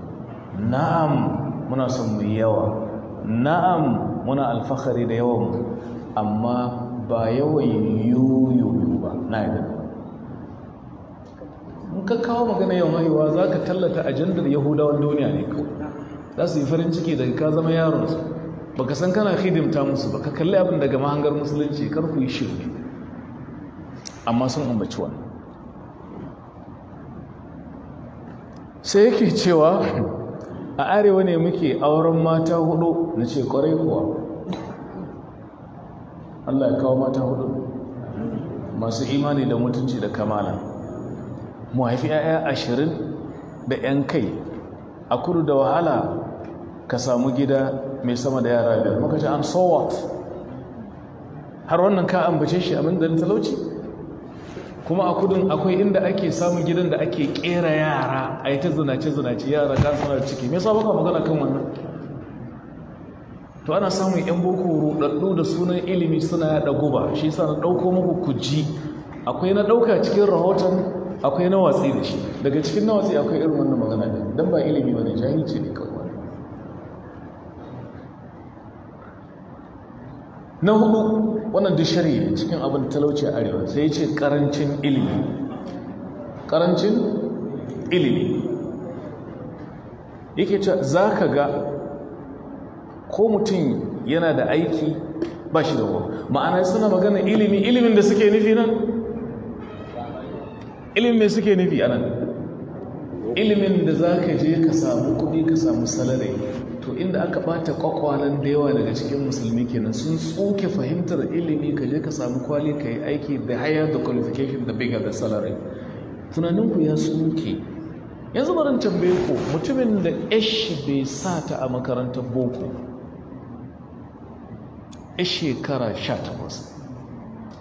na'am muna son mu yawa na'am muna alfahari da yawan amma ba yawan yoyo ba na yi daga in ka kawo magana yawan haihuwa za ka tallata ajandar yahudawan duniya ne kawai za su yi farin ciki daga ka zama yaronsu ba ka san kana hidimta musu ba ka kalli abin daga mahangar musulunci kar ku yi shirki amma sun umarci wani sai yake cewa a arewa ne muke auren mata hudu na ce kwarai kuwa allah ya kawo mata hudu masu imani da mutunci da kamala mu haifi 'ya'ya ashirin da 'yan kai a kudu da wahala ka samu gida mai sama da yara biyar maka an so what har wannan ka ambace shi a da talauci kuma a kudin akwai inda ake samun gidan da ake kera yara a yi ta zinace-zinace yara ta sanar ciki me sabon magana kan wannan to ana samun yan boko rudaddu da sunan ilimi suna yada guba shi yasa na dauko muku kuji akwai na dauka cikin rahoton akwai na watsi da shi daga cikin na watsi akwai irin wannan magana dan ba ilimi bane jahilci ne kawai na hudu wannan duk shari ne cikin abin talauci a arewa sai ya ce karancin ilimi karancin ilimi yake ce za ka ga ko mutum yana da aiki ba shi da gwamnati ma'ana suna magana ilimi ilimin da suke nufi nan ilimin da suke nufi anan ilimin da za ka je ka samu kudi ka samu salari to inda aka bata kwakwalan da yawa daga cikin musulmi kenan sun tsoke fahimtar ilimi ka je ka samu kwali ka yi aiki da haya da qualification da bigger da salary tunaninku ya tsoke yanzu barin tambaye ku mutumin da yashi bai sa ta a makarantar boko ya shekara sha takwas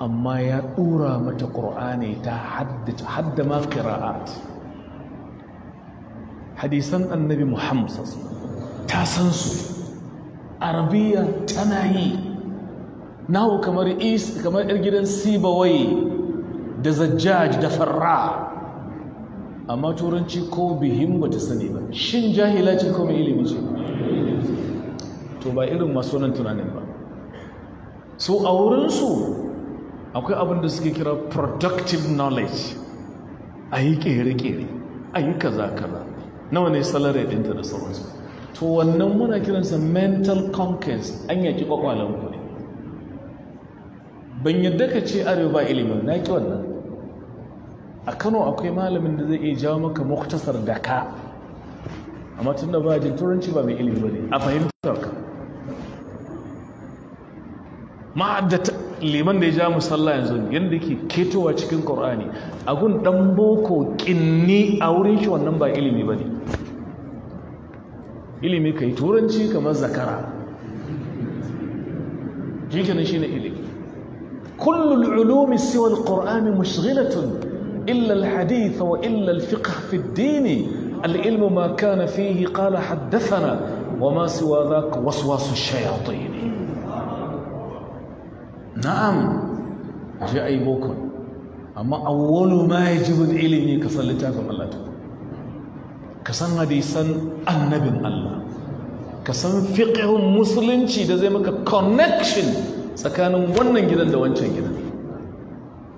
amma ya ɗura mata Kur'ani ta hadda ma ƙira'at hadisan annabi muhammad ta san su arabiya tana yi nawo kamar is kamar yar gidan sibawai da zajjaj da farra amma turanci ko bihim ba ta sani ba shin jahila ce ko mai ilimi ce to ba irin masu nan tunanin ba so a wurinsu akwai abin da suke kira productive knowledge a yi kere-kere a yi kaza-kaza nawa ne salari ɗinta da sauransu to wannan muna kiransa mental conquest an yaki kwakwalen ku ban yadda ka ce arewa ba ilimin na ki wannan a kano akwai malamin da zai iya jawo maka muktasar da ka amma tun da ba jin turanci ba mai ilimi ba ne a fahimtar ka ma'adda ta liman da ya ja musalla yanzu yadda ke ketowa cikin ƙorani agun ɗan boko ƙinni a wurin shi wannan ba ilimi ba ne ilimi kai turanci kamar zakara shi shine ilimi كل العلوم سوى القرآن مشغلة إلا الحديث وإلا الفقه في الدين العلم ما كان فيه قال حدثنا وما سوى ذاك وسواس الشياطين نعم جاء بوكم أما أول ما يجب العلم كصلتاكم الله تبارك ka san hadisan annabin Allah ka san fiqhun musulunci da zai maka connection tsakanin wannan gidan da wancan gidan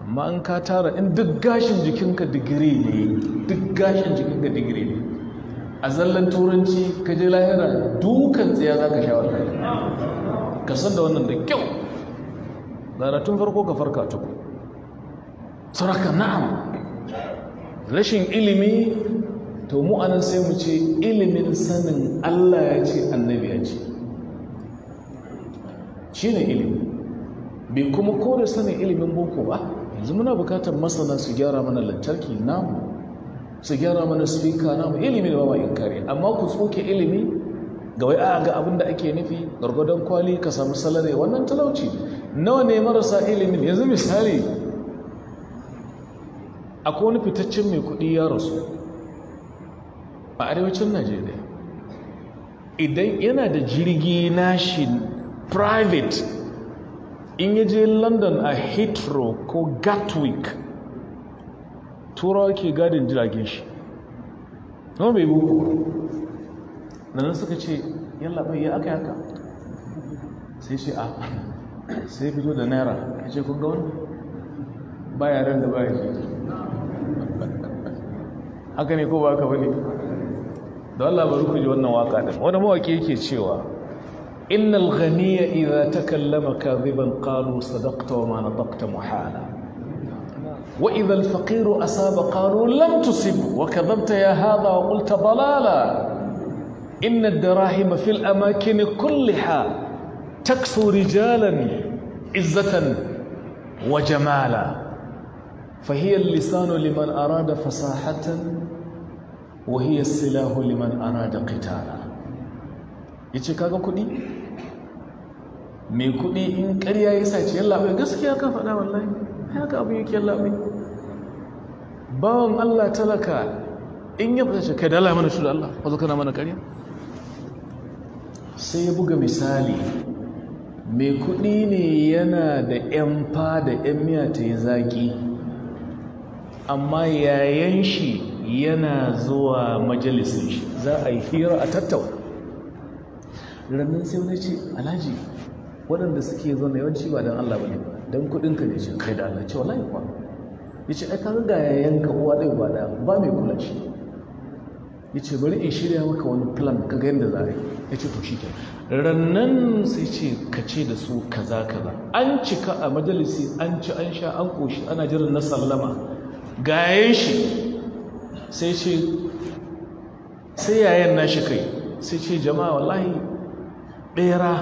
amma an ka tara in duk gashin jikinka digiri ne duk gashin jikinka digiri ne a zallan turanci ka je lahira dukan tsaya za ka sha wallahi ka san da wannan da kyau gara tun farko ka farka tuku saraka na'am rashin ilimi to mu anan sai mu ce ilimin sanin Allah ya ce annabi ya ce shi ne ilimi bai kuma kore sanin ilimin boko ba yanzu muna bukatar masana su gyara mana lantarki namu su gyara mana speaker namu ilimi ba kare amma ku tsoke ilimi ga wai a ga abin da ake nufi gargadon kwali ka samu salare wannan talauci nawa ne marasa ilimin yanzu misali akwai wani fitaccen mai kuɗi ya rasu a arewacin najeriya idan yana da jirgi nashi private in ya je london a heathrow ko gatwick turawa ke gadin jiragen shi kuma bai buku nan suka ce yalla bai ya aka yaka sai shi a sai fito da naira ya ce kun gawon wani da bayan shi haka ne ko ba ka ne? da Allah bari ku ji wannan waka din wani mawaki yake cewa innal ghaniya idza takallama kadiban qalu sadaqta wa ma nadaqta muhala wa idza al faqir asaba qalu lam tusib wa kadhabta ya hadha wa qulta dalala inna ad dirahim fi al amakin kullaha taksu rijalan izzatan wa jamala فهي اللسان لمن أراد فصاحة ya silahu liman ana da kitala ya ce kaga kudi mai kudi in karya ya ce yalla bai gaskiya ka faɗa wallahi haka abin yake yalla bai bawan allah talaka in ya fita kai dala mana shi da allah wazo kana mana karya sai ya buga misali mai kudi ne yana da 'yan fa da 'yan miya ta yi zaƙi amma yayan shi yana zuwa majalisun shi za a yi hira a tattauna rannan sai wani ce alhaji waɗanda suke zo na yawanci ba don Allah bane ba don kuɗin ka ne ce kai da Allah ce wallahi kwa ya ce ai kan ga yanka uwa ɗaya ba da ba mai kula shi ya ce bari in shirya maka wani plan ka ga yadda za a yi ya ce to shi ke rannan sai ce ka ce da su kaza kaza an cika a majalisi an ci an sha an ƙoshi ana jiran na sallama gayen shi sai ce sai yayin na shi kai sai ce jama'a wallahi bera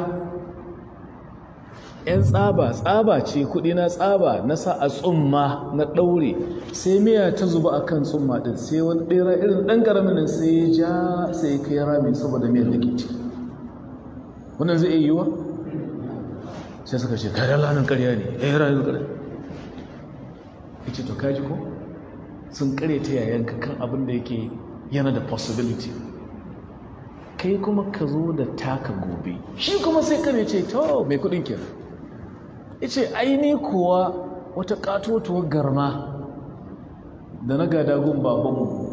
yan tsaba tsaba ce kudi na tsaba na sa a tsumma na ɗaure. sai miya ta zuba a kan tsumma din sai wani bera irin dan karamin sai ya ja sai kai rami saboda miyar da wannan zai iya wa? sai suka ce lanin karya ne yi eh, rayuwar karya ce to kaji ko sun ta yayanka kan abin da yake yana da possibility kai kuma ka zo da taka gobe shi kuma sai ya ce to mai kudin kira ce aini kuwa wata katotuwar garma da na gada gun babanmu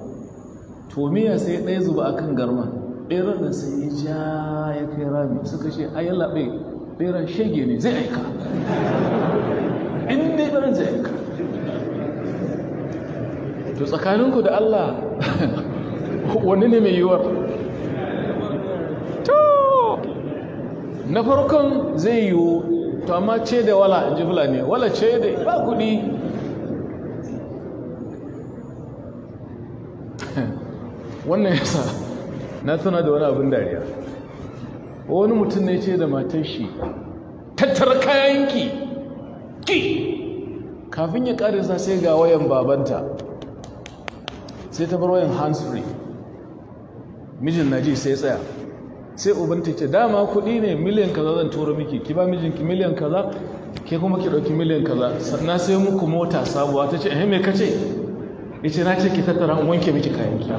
to miya sai ɗaya zuba a kan garma ɗeran da sai ya ja ya kai rami suka ce ai laɓe ɗeran shege ne zai aika <laughs> in dai zai aika to tsakaninku da Allah <laughs> wani ne mai yiwuwar to na farkon zai yiwu to amma ce da wala in ji fulani wala ce da ba kudi <laughs> wannan yasa na tuna da wani abin dariya wani mutum ne ce da matar shi tattara kayan ki kafin ya ƙarisa sai ga wayan babanta sai ta bar wayan hands free mijin na ji sai tsaya sai ubanta ce dama kuɗi ne miliyan kaza zan turo miki ki ba mijinki miliyan kaza ke kuma ki ɗauki miliyan kaza sannan sai muku mota sabuwa ta ce eh me kace yace na ce ki tattara in wanke miki kayan ki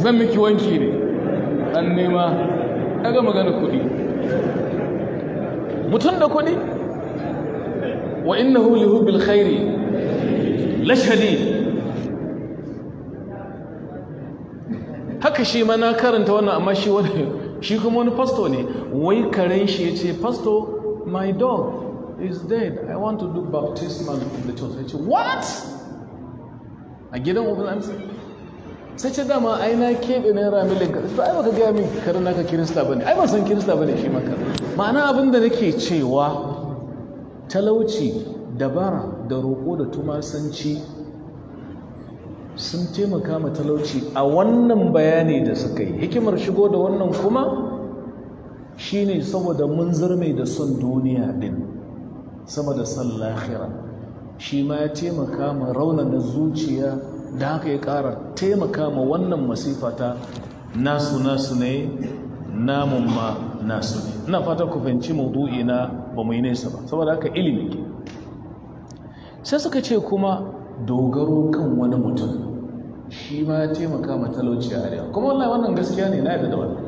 <laughs> zan miki wanki ne an nema daga magana kuɗi mutum da kuɗi wa innahu lihubbil khairi lashani haka shi mana na karanta wannan amma shi wani shi kuma wani pasto ne wai karen shi ya ce pasto my dog is dead i want to do baptismal in the church ce what a gidan open amsa sai ce dama ai na keɓe naira miliyan kaɗa ba ai baka gaya min karen naka kirista bane ai ban san kirista bane shi maka ma'ana abin da nake cewa talauci dabara da roƙo da tumasanci sun taimaka ma talauci a wannan bayani da suka yi hikimar shigo da wannan kuma shi ne saboda mun zarme da son duniya din sama da son lahira shi ma ya taimaka ma raunana zuciya da haka ya ƙara taimaka ma wannan masifata nasu nasu ne namun ma nasu ne ina fata ku fahimci maudu'i na ba mu yi nesa ba saboda haka ilimi sai suka ce kuma dogaro kan wani mutum shi ma ya taimaka ma talauci a arewa kuma wallahi wannan gaskiya ne na yadda da wannan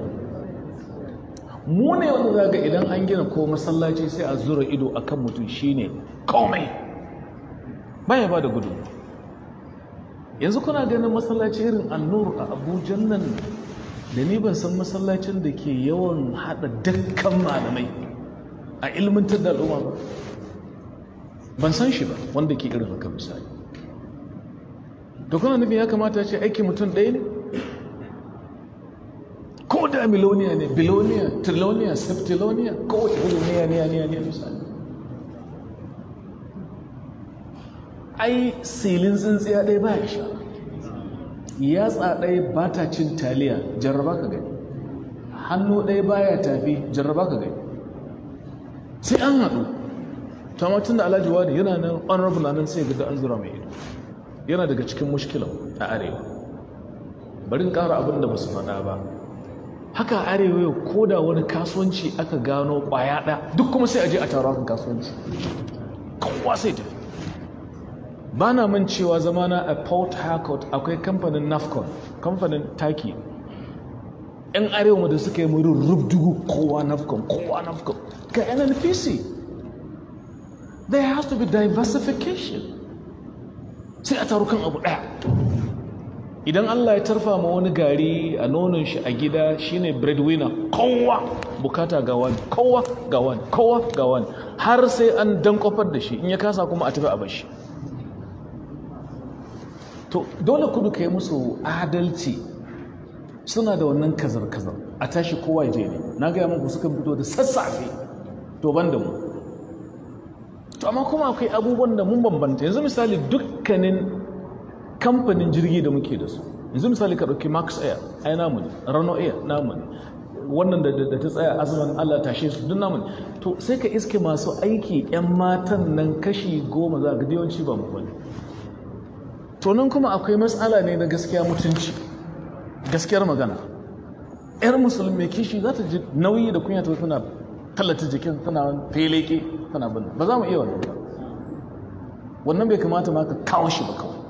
mu ne wanda ga idan an gina ko masallaci sai a zura ido a kan mutum ne komai baya ba da gudu yanzu kuna ganin masallaci irin annur a abujan nan da ni ban san masallacin da ke yawan hada dukkan malamai a ilmantar da al'umma ba ban san shi ba wanda ke irin haka misali da kuna nufin ya kamata ce aiki mutum ɗaya ne ko da miloniya ne biloniya triloniya septiloniya wata biloniya ne ne ne misali ai silin tsintsiya ɗaya ba ya sha yatsa ɗaya ba ta cin taliya jarraba ka gani hannu ɗaya ba ya tafi jarraba ka gani sai an haɗu tamma da alhaji wani yana nan honorable nan sai ga an zura mai ido yana daga cikin mushkilan a arewa bari in ƙara abin da ba su faɗa ba haka arewa yau ko da wani kasuwanci aka gano ƙwaya ɗaya duk kuma sai a je a taro akan kasuwanci kowa sai tafi ba na man cewa zamana a port harcourt akwai kamfanin nafcon kamfanin taki yan arewa da suka yi murin rubdugu kowa nafcon kowa nafcon ka nnpc there has to be diversification sai a taru kan abu ɗaya idan Allah ya tarfa ma wani gari a nonon shi a gida shine breadwinner kowa bukata ga wani kowa ga wani kowa ga wani har sai an dan kofar da shi in ya kasa kuma a tafi a bashi to dole kudu ka yi musu adalci suna da wannan kazar-kazar a tashi kowa ya je ne na gaya muku suka fito da sassafe to ban da mu to amma kuma akwai abubuwan da mun bambanta yanzu misali dukkanin kamfanin jirgi da muke da su yanzu misali ka ɗauki max air ai namu ne rano air namu ne wannan da ta tsaya azumin allah tashe su duk namu ne to sai ka iske masu aiki yan matan nan kashi goma za ka yawanci ba mu bane to nan kuma akwai matsala ne na gaskiya mutunci gaskiyar magana yar musulmi kishi za ta ji nauyi da kunya ta tana tallata jikin tana feleke kana bin ba za mu iya wannan wannan bai kamata ma ka kawo shi ba kawai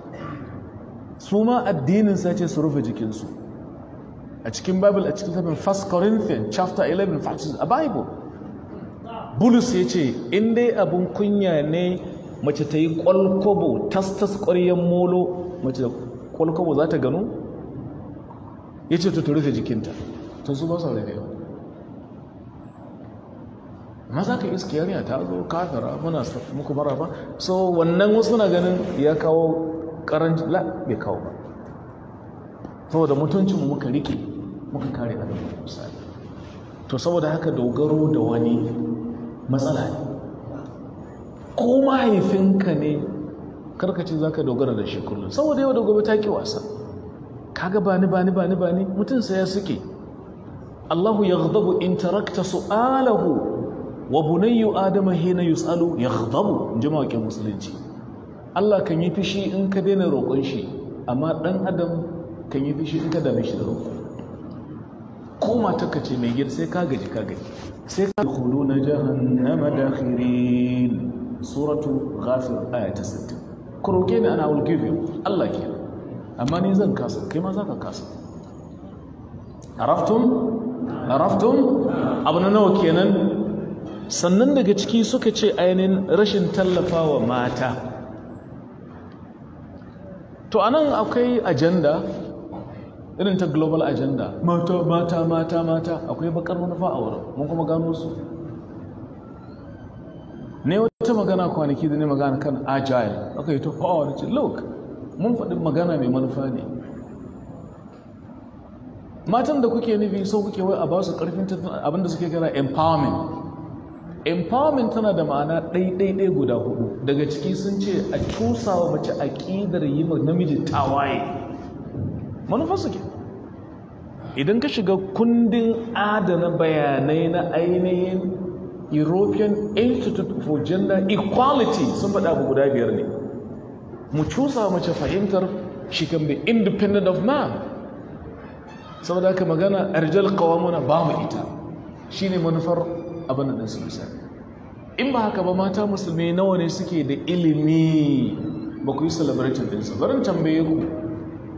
su ma addinin sa ce su rufe jikinsu a cikin bible a cikin tafin 1 corinthians chapter 11 verses a bible bulus ya ce in dai abin kunya ne mace ta yi kwalkwabo tastas ƙwaryen molo mace kwalkwabo za ta gano ya ce ta rufe jikinta ta su ba su rufe amma za ka iske yarinya ta zo kafira muna muku mara ba so wannan wasu na ganin ya kawo karanci la bai kawo ba saboda mutuncinmu muka rike muka kare a gaban misali to saboda haka dogaro da wani matsala ne ko mahaifinka ne karkacin za ka dogara da shi kullum saboda yau da gobe ta ki wasa kaga bani bani bani bani mutunsa ya suke Allahu ya in tarakta su'alahu wa bunayyu adama hina yusalu yaghdabu jama'a ke musulunci Allah kan yi fishi in ka daina roƙon shi amma dan adam kan yi fishi in ka dame shi da roƙo ko matarka ce mai gir sai ka gaji ka gaji sai ka na jahannama dakhirin suratu ghafir aya ta 60 ku roƙe ni ana will give you Allah ke amma ni zan kasa kai ma zaka kasa araftum araftum abu na nawa kenan sannan daga ciki suka ce ainihin rashin tallafawa mata to anan akwai ajanda irin ta global agenda mata mata mata mata akwai bakar manufa a wurin mun kuma gano su ne wata magana kwanaki da ne magana kan agile aka yi ta power ce look mun faɗi magana mai manufa ne matan da kuke nufi sau kuke wai a ba su ƙarfin abinda suke kira empowerment empowerment tana da ma'ana ɗaiɗaiɗai guda hudu daga ciki sun ce a cusawa mace a aƙidar yi ma namiji tawaye manufarsu ke idan ka shiga kundin adana bayanai na ainihin european institute for gender equality sun faɗa abu guda biyar ne mu cusawa mace fahimtar she can be independent of man saboda haka magana arjal kawamuna ba mu ita shine manufar abinda da su in ba haka ba mata musulmi nawa ne suke da ilimi ba ku yi celebrating ɗinsu barin tambaye ku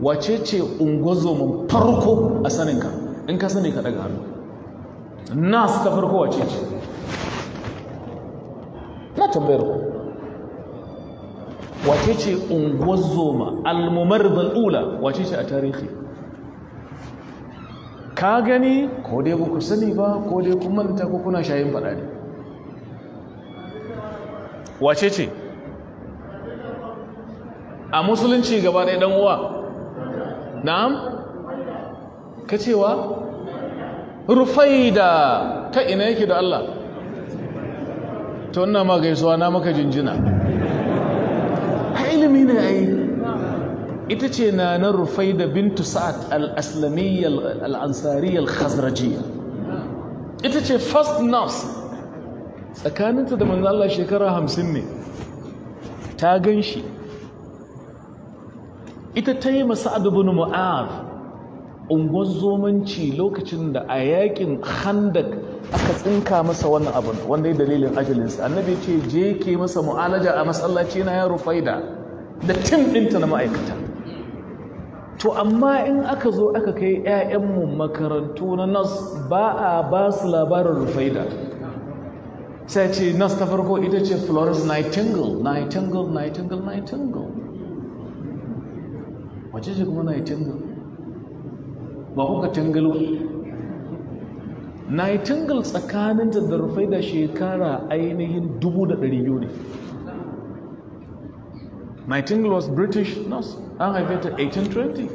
wace ce mun farko a saninka in ka sani ka ɗaga hannu su ta farko wace ce na tambayar ku wace ce ungozoma almumar ula wace ce a tarihi ka gani ko dai ku sani ba ko dai kun manta ko kuna shayin fada ne wace ce a musulunci gaba ɗaya ɗan uwa na'am ka cewa rufaida ta ina yake da Allah to ina ma gaisuwa na maka jinjina a ilimi ne ai ita ce na na rufai da bintu sa'ad al al'ansariyar al ita ce first nurse tsakaninta da manzala shekara hamsin ne ta gan shi ita ta yi masa'ad bin mu'ad unguwar zomanci lokacin da a yakin handak aka tsinka masa wannan abin wanda ya dalilin ajalinsa annabi ce je ke masa mu'alaja a masallaci na ya rufaida da tim ɗinta na ma'aikata to amma in aka zo aka kai 'ya'yanmu makarantu na nas ba a ba su labarin rufaida sai ce nas ta farko ita ce florence nightingale nightingale nightingale nightingale wace ce kuma nightingale ba kuka tangalo nightingale tsakaninta da rufaida shekara ainihin 2,200 ne nightingale was british nurse an haife ta 1820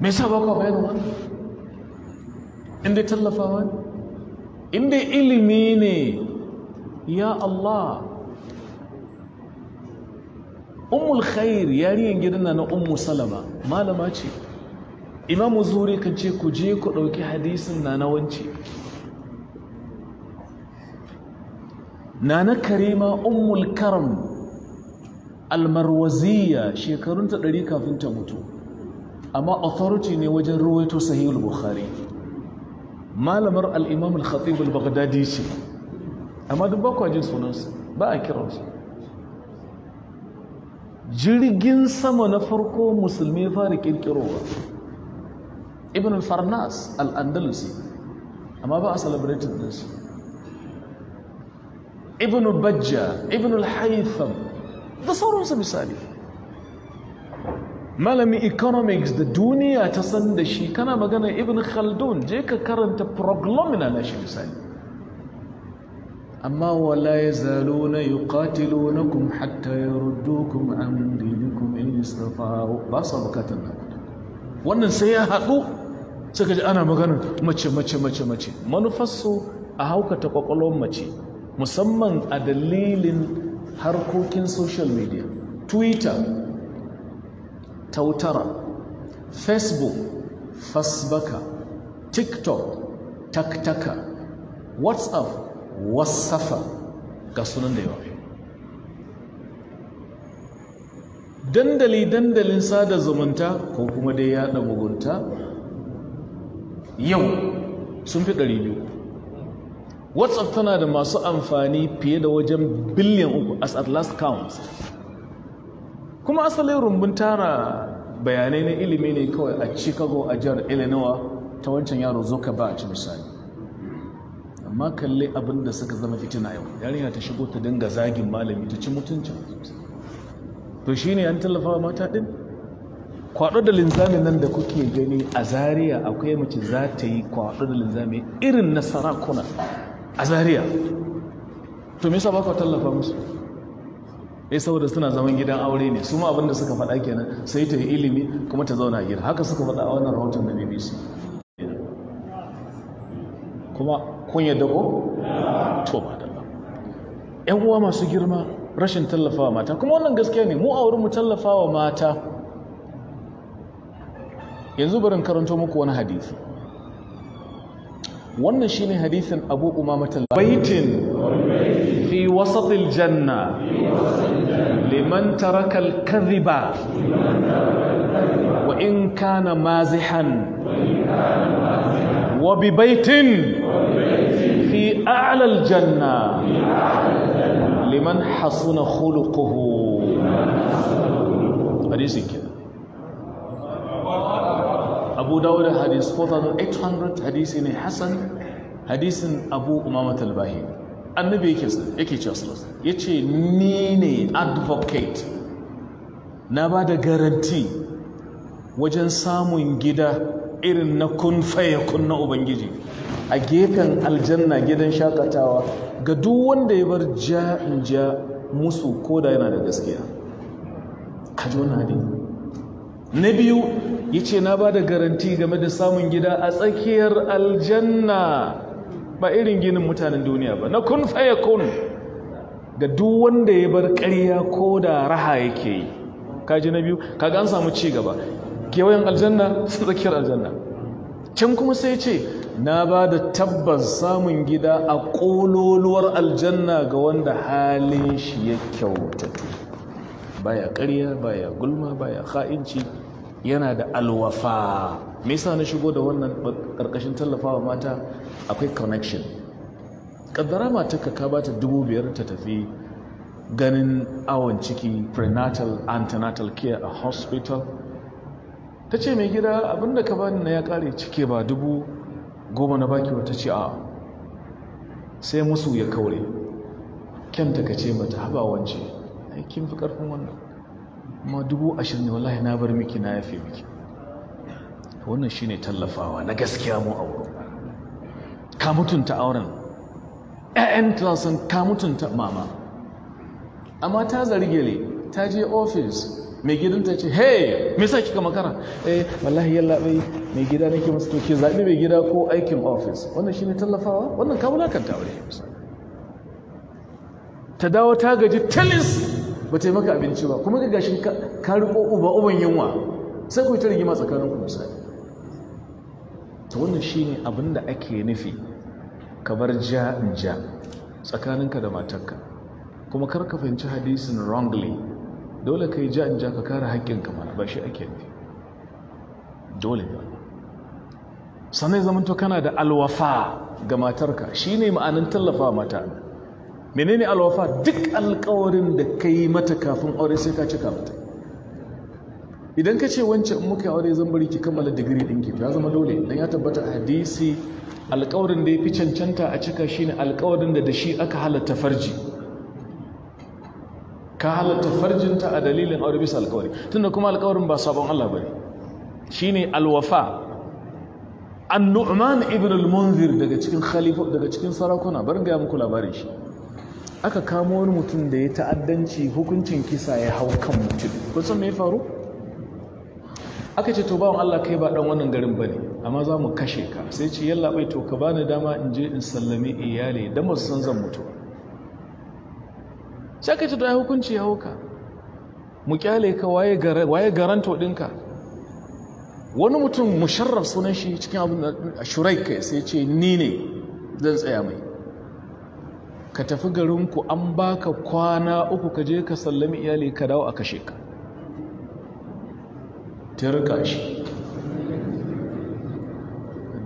me sa ba ku bayanin wannan in dai tallafawa ne in ilimi ne ya allah ummul khair yariyan gidan na ummu salama malama ce Imam zuri kan ce ku je ku ɗauki hadisin na wance. nana karima ummul karam almarwaziya shekarunta ɗari kafin ta mutu amma authority ne wajen ruwaito sahihul bukhari malamar al'imam al-khatib al-baghdadi ce amma duk ba kwajin sunansa ba a kiransa jirgin sama na farko musulmi ya fara kirkirowa ibn farnas al-andalusi amma ba a celebrated dinsu ibn bajja ibn al-haitham da sauransu misali malamin economics da duniya ta san da shi kana magana ibn khaldun je ka karanta proglomina na shi misali amma wala ya zalo na yi katilo na kuma hatta ya rudu kuma an dini kuma in ba sa bukatar na wannan sai ya haɗu suka ji ana magana mace mace mace mace manufarsu a haukata kwakwalwar mace musamman a dalilin harkokin social media twitter tautara facebook fasbaka tiktok taktaka whatsapp wasafa ga sunan da yawa dandali dandalin sada zumunta ko kuma dai yada mugunta yau sun fi 200 whatsapp tana da masu amfani fiye da wajen biliyan uku as at last count kuma asalin rumbun tara bayanai na ilimi ne kawai a chicago a jihar illinois ta wancan yaro zoka ba a ci misali amma kalli abin da suka zama fitina yau yarinya ta shigo ta dinga zagin malami ta ci mutuncin to shi ne an tallafa wa mata din kwaɗo da linzamin nan da kuke gani a Zariya akwai mace za ta yi kwaɗo da linzami irin na sarakuna a zariya to me yasa ba ku tallafa musu eh saboda suna zaman gidan aure ne su ma abinda suka faɗa kenan sai ta yi ilimi kuma ta zauna gida haka suka faɗa a wannan rahoton na BBC kuma kun yadda ko to ba dalla ƴan uwa masu girma rashin tallafawa mata kuma wannan gaskiya ne mu a wurin mu tallafawa mata yanzu barin karanto muku wani hadisi wannan shine hadisin Abu Umamah baitin fi wasat al-janna liman taraka al-kadhiba wa in kana mazihan wa bi baitin fi a'la al-janna liman hasuna khuluquhu hadisin kenan abu dawud hadis 4800 hadisi ne Hassan, hadisin abu umamat al annabi yake yake cewa yace ni ne advocate na ba da garanti wajen samun gida irin na kun kun na ubangiji a gefen aljanna gidan shakatawa ga duk wanda ya bar ja in ja musu koda yana da gaskiya kaji wani hadisi na biyu ya ce na ba da garanti game da samun gida a tsakiyar aljanna ba irin ginin mutanen duniya ba na kun faya kun ga duk wanda ya bar karya ko da raha yake yi kaji na biyu kaga an samu cigaba gaba kewayen aljanna su <laughs> tsakiyar aljanna can kuma sai ce na ba da tabbas samun gida a ƙololuwar aljanna ga wanda halin shi ya kyautatu baya ƙarya baya gulma baya ha'inci yana da alwafa me yasa na shigo da wannan ƙarƙashin tallafawa mata akwai connection ƙaddara matarka ka bata dubu biyar ta tafi ganin awon ciki prenatal antenatal care a hospital ta ce mai gida abinda ka bani na ya ƙare cike ba dubu goma na baki wata ce a sai musu ya kaure kyanta ka ce mata haba wance Eh, kin fi karfin wannan kuma dubu ashirin ne wallahi na bar miki na yafe miki wannan shine tallafawa na gaskiya mu auro ka mutunta auren ƴaƴan sun ka mutunta mama amma ta ne ta je ofis mai gidanta ce hey me yasa kika makara eh wallahi yalla bai mai gida nake masa to ke zabi mai gida ko aikin ofis? wannan shine tallafawa wannan ka wulakanta aure ta dawo ta gaji tilis ba ta yi maka abinci ba kuma ga gashin ka riko uba uban yunwa sai ku yi ta rigima tsakanin ku misali to wannan shine abin da ake nufi ka bar ja in ja tsakaninka da matarka kuma kar ka fahimci hadisin wrongly dole ka yi ja in ja ka kare haƙƙinka mana ba shi ake nufi dole ba sannan to kana da alwafa ga matarka shine ma'anin tallafa mata menene alwafa duk alkawarin da ka yi mata kafin aure sai ka cika mata idan ka ce wancan in muka aure zan bari ki kammala digiri ɗinki ya zama dole dan ya tabbata hadisi alkawarin da ya fi cancanta a cika shine alkawarin da da shi aka halatta farji ka halatta farjinta a dalilin aure bisa alkawari tunda kuma alkawarin ba sabon Allah bane shine alwafa an-nu'man ibn al-munzir daga cikin khalifa daga cikin sarakuna bar ga muku labarin shi aka kamo wani mutum da ya ta'addanci hukuncin kisa ya hau kan mutum kusan me ya faru aka ce to bawan Allah kai ba dan wannan garin ba ne, amma za mu kashe ka sai ce yalla bai to ka ba ni dama in je in sallame iyali don ba su san zan mutu sai aka ce to ya hukunci ya hauka mu kyale ka waye garanta garanto dinka wani mutum musharraf sunan shi cikin abin shura'ika sai ce ni ne zan tsaya mai ka tafi garinku an baka kwana uku ka je ka sallami iyali ka dawo a kashe ka tirka shi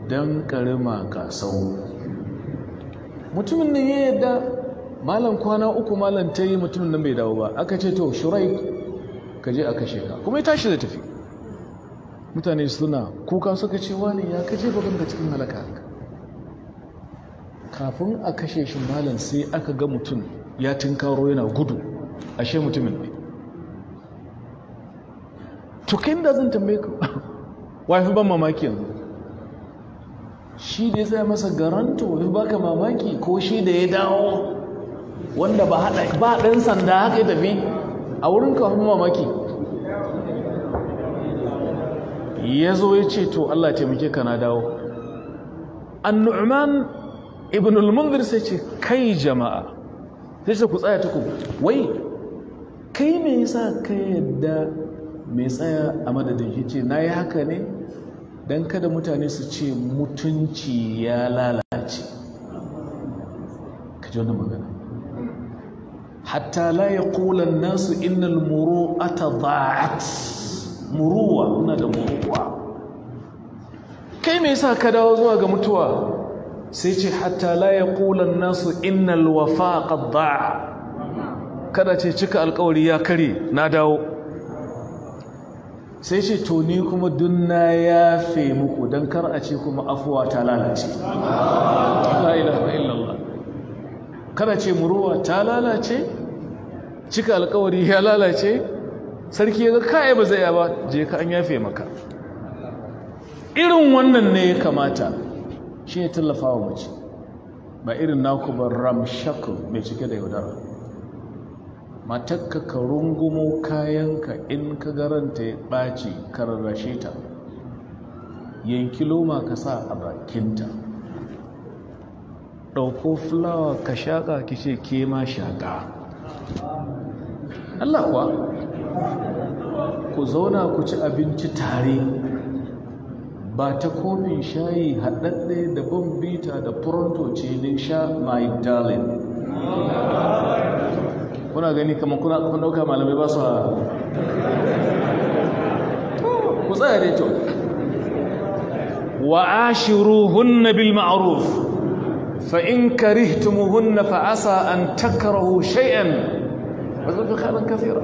don karima ka sau mutumin nan ya yadda malam kwana uku malam ta yi mutumin nan bai dawo ba aka ce to shirai ka je a kashe ka kuma ya tashi da tafi mutane suna kuka suka ce wani ya kaje bakan da cikin halaka kafin a kashe shi malam sai aka ga mutum ya tinkaro yana gudu a ashe mutumin ne tukin da zan tambaye ku <laughs> wafi ban mamaki yanzu shi da ya masa garanto wafi baka mamaki ko shi da ya dawo wanda ba haɗa ba ɗan sanda haka ya tafi a wurin ka mamaki ya zo ya ce to Allah taimake ka na dawo an nu'man ibn al-munzir sai ce kai jama'a sai ce ku tsaya tuku wai kai me yasa ka yadda me tsaya a madadin shi ce na yi haka ne don kada mutane su ce mutunci ya lalace ka ji wannan magana hatta la ya kulan nasu innal muru'ata dha'at muruwa muna da muruwa kai me yasa ka dawo zuwa ga mutuwa sai ce hatta la kulan nasu innal wafa qad da'a kada ce cika alƙawari ya kare na dawo sai ce to ni kuma dunna ya fe muku don kar a ce kuma afuwa ta lalace kada ce muruwa ta lalace cika alƙawari ya lalace sarki ya ga kaya ba zai ba je ka an yafe maka irin wannan ne ya kamata shi ya tallafa wa mace ba irin naku ba ramshakul mai cike da yaudara matakka ka rungumo kayanka in ka garanta ya ɓaci kararrashe ta yanki loma ka sa a bakinta ɗauko fulawa ka shaƙa ki ce ke ma shaƙa Allah kuwa ku zauna ku ci abinci tare ba ta kofin shayi haɗaɗɗe da bambita da furanto ce ne sha my darling kuna gani kamar kuna kun ɗauka malamai ba su a ku tsaya dai to wa ashiruhunna bil ma'ruf fa in karihtumuhunna fa asa an takrahu shay'an wa zalika khairan kathira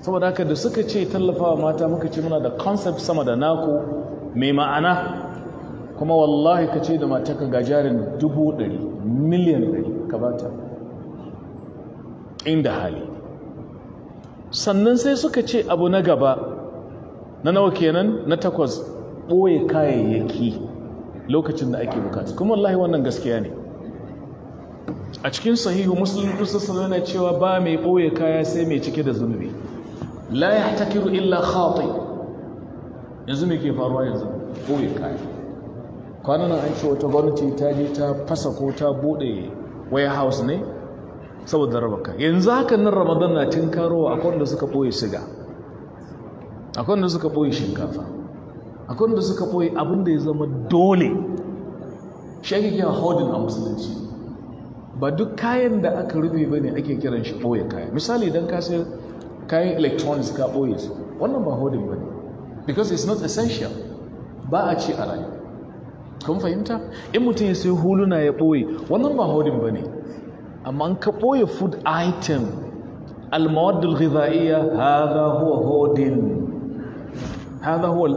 saboda haka da suka ce tallafawa mata muka ce muna da concept sama da naku mai ma'ana kuma wallahi ka ce da mata ga jarin dubu ɗari miliyan ɗari ka bata inda hali sannan sai suka ce abu na gaba na nawa kenan na takwas ɓoye kayayyaki lokacin da ake bukatu kuma wallahi wannan gaskiya ne a cikin sahihu musulun rusa salona cewa ba mai ɓoye kaya sai mai cike da zunubi la yahtakiru illa khati yanzu me ke faruwa yanzu boye kaya kwanan an ce wata gwamnati ta je ta fasa ko ta bude warehouse ne saboda raba yanzu hakan nan ramadan na tinkarowa akwai da suka boye siga akwai da suka boye shinkafa akwai da suka boye abin da ya zama dole shi ake kira hodin a musulunci ba duk kayan da aka rufe ba ne ake kiran shi ɓoye kaya misali don ka kayan electronics ka ɓoye wannan ba hodin ba ne because it's not essential ba a ci a rayu kun fahimta in mutum ya sai huluna ya ɓoye wannan ba hodin ba ne amma an ka ɓoye food item almawaddul ghidha'iyya hadha huwa hodin hadha huwa al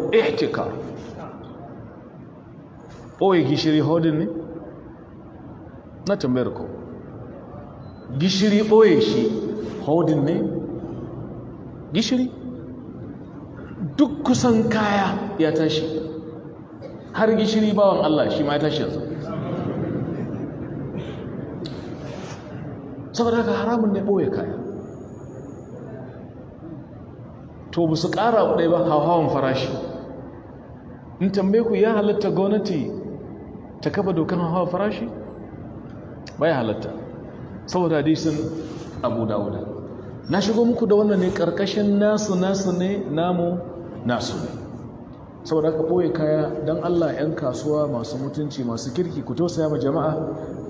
ɓoye gishiri hodin ne na tambayar gishiri ɓoye shi hodin ne gishiri duk kusan kaya ya tashi har gishiri bawan Allah shi ma ya tashi yanzu saboda haka haramun ne ɓoye kaya to bu su ƙara ɗaya ba hauhawan farashi in tambayi ku ya halatta gwamnati ta kafa dokan hauhawan farashi ba ya halatta saboda hadisin abu dawuda na shigo muku da wannan ne karkashin nasu nasu ne namu nasu ne saboda ka ɓoye kaya don allah 'yan kasuwa masu mutunci masu kirki ku tausaya ma jama'a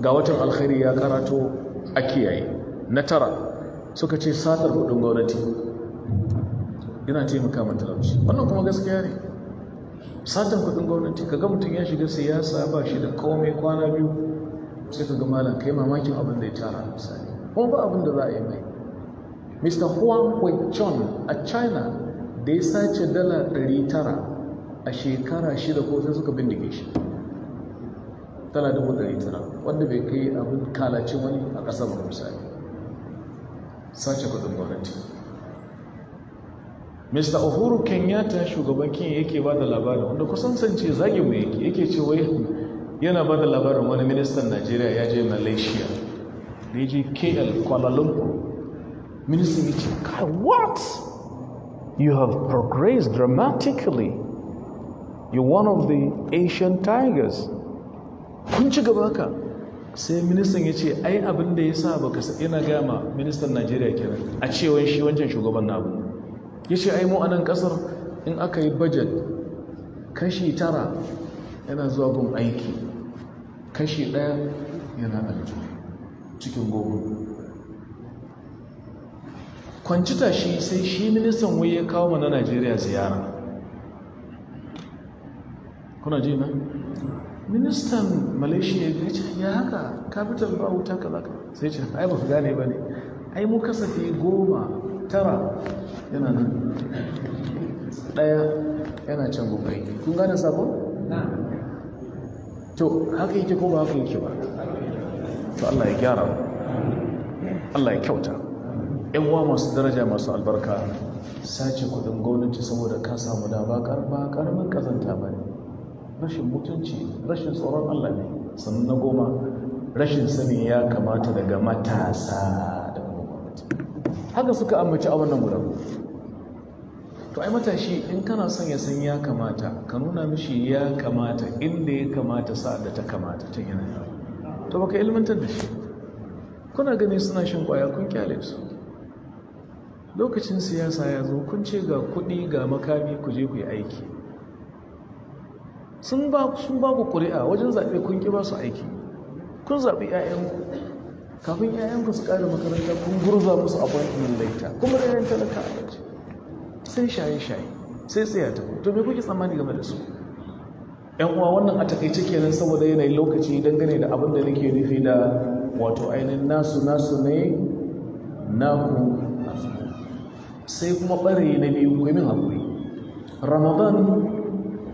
ga watan alkhairi ya karato a kiyaye na tara suka ce satar hudun gwamnati yana taimaka ma talauci wannan kuma gaskiya ne satar kudin gwamnati ga mutum ya shiga siyasa ba shi da komai kwana biyu sai ka ga malam kai mamakin abin da ya tara misali kuma ba abin da za a yi mai mr huang huichon a china da ya sace dala 900 a shekara shida ko sai suka bindige shi dala 900 wanda bai kai abin kalacin wani a ƙasar ba misali sace kudin gwamnati mr uhuru kenyatta shugaban kenya yake ba da labarin wanda kusan sance zagi mu yake yake ce wai yana ba da labarin wani ministan najeriya ya je malaysia da ya je kl kuala lumpur ministry ce kai what you have progressed dramatically you're one of the asian tigers kun ci gaba ka sai ministan ya ce ai abin da ya sa baka ina gama ministan najeriya kenan a cewar shi wancan shugaban na abu ya ce ai mu a nan kasar in aka yi bajet. kashi tara yana zuwa gun aiki kashi ɗaya yana aljihu cikin gobe Kwancita shi sai shi ministan wai ya kawo mana najeriya ziyara kuna ji na ministan malaysia ya ce ya haka capital ba wuta ka ka sai ce ai ba ku gane ba ne ai mu kasafi goma tara yana nan ɗaya yana can bukai kun gane sabo? na to haka yake ko ba haka yake ba to Allah ya gyara Allah ya kyauta yan uwa masu daraja masu albarka sace kudin gwamnati saboda ka samu da ba karamin kazanta ba ne rashin mutunci rashin tsoron allah ne sannan na goma rashin sani ya kamata daga matasa da gwamnati haka suka ambaci a wannan gudan to ai matashi in kana son ya san ya kamata ka nuna mishi ya kamata inda ya kamata sa'ad da ta kamata tun yana to baka ilmantar da shi kuna gani suna shan kwaya kun kyale su lokacin siyasa ya zo kun ce ga kuɗi ga makami ku je ku yi aiki sun ba ku ƙuri'a wajen zaɓe kun ƙi ba su aiki kun zaɓi 'ya'yanku kafin 'ya'yanku su ƙara makaranta kun gurza musu appointment later kuma da 'ya'yan talaka a waje sai shaye-shaye sai tsaya ta to me kuke tsammani game da su yan uwa wannan a takaice kenan saboda yanayin lokaci dangane da abin da nake nufi da wato ainihin nasu nasu ne naku sai kuma ɓare na biyu ku min haƙuri ramadan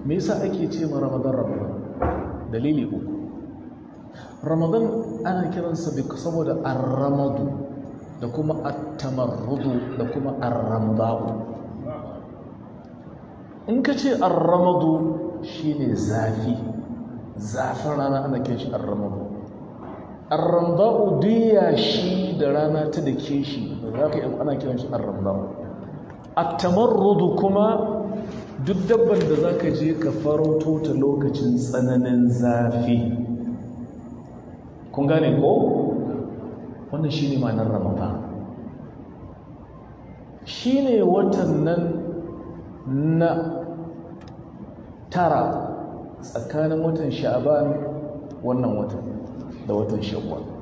me yasa ake ce ma ramadan ramadan dalili uku ramadan ana kiransa saboda arramadu da kuma attamarrudu da kuma arramdabu in ka ce arramadu ne zafi zafin rana ana kiran shi arramadu arramda'u duk yashi da rana ta da ke shi da za ka yi ana kiran shi arramda'u at kuma duk dabban da zaka je ka farauto ta lokacin tsananin zafi kun gane ko wannan shine ma'anar ramadan shine watan nan na tara tsakanin watan sha'ban wannan watan da watan shawwal